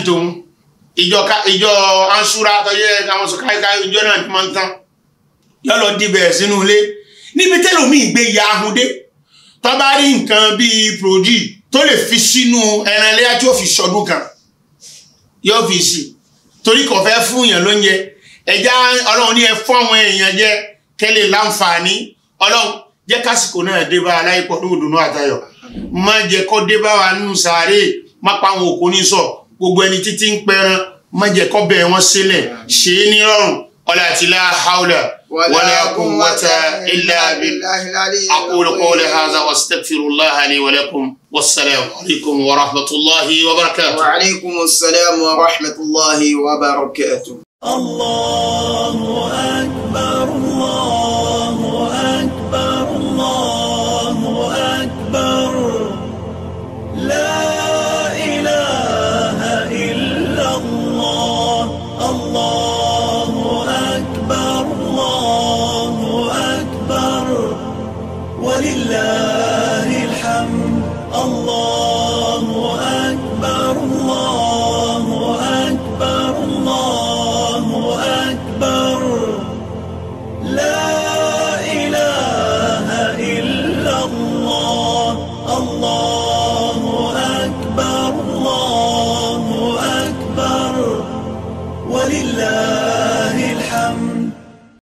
ìjọ ìjọ ansura tọjọ àwọn sọkáyíká ìjọ náà ti máa ń tán yọlọ dibẹ sínú ilé níbi tẹlómi ìgbé ya ahunde tọba rí nǹkan bíi prodi tó lè fi sínú ẹran ilé àti òfin sọdún kan yóò fi sí torí kò fẹ́ fún yàn lóúnjẹ ẹ̀já ọlọ́run ní ẹ fún àwọn èèyàn jẹ kẹ́lẹ̀ láǹfààní ọlọ́run jẹ́ kásìkò náà dé bá aláìpọ̀ ní òdùnú àtayọ̀ má jẹ́ kó dé bá wa nínú sàárè má pa àwọn òkú ní sọ gbogbo ẹni títí ń pẹran má jẹ́ kó bẹ̀ wọ́n sílẹ̀ ṣe é ní rọrùn ọlá tí la haula wala quwwata illa billahi aqulu qawli hadha wastaghfirullaha li wa lakum wassalamu alaykum wa rahmatullahi wa barakatuh wa alaykum assalam wa rahmatullahi wa barakatuh الله أكبر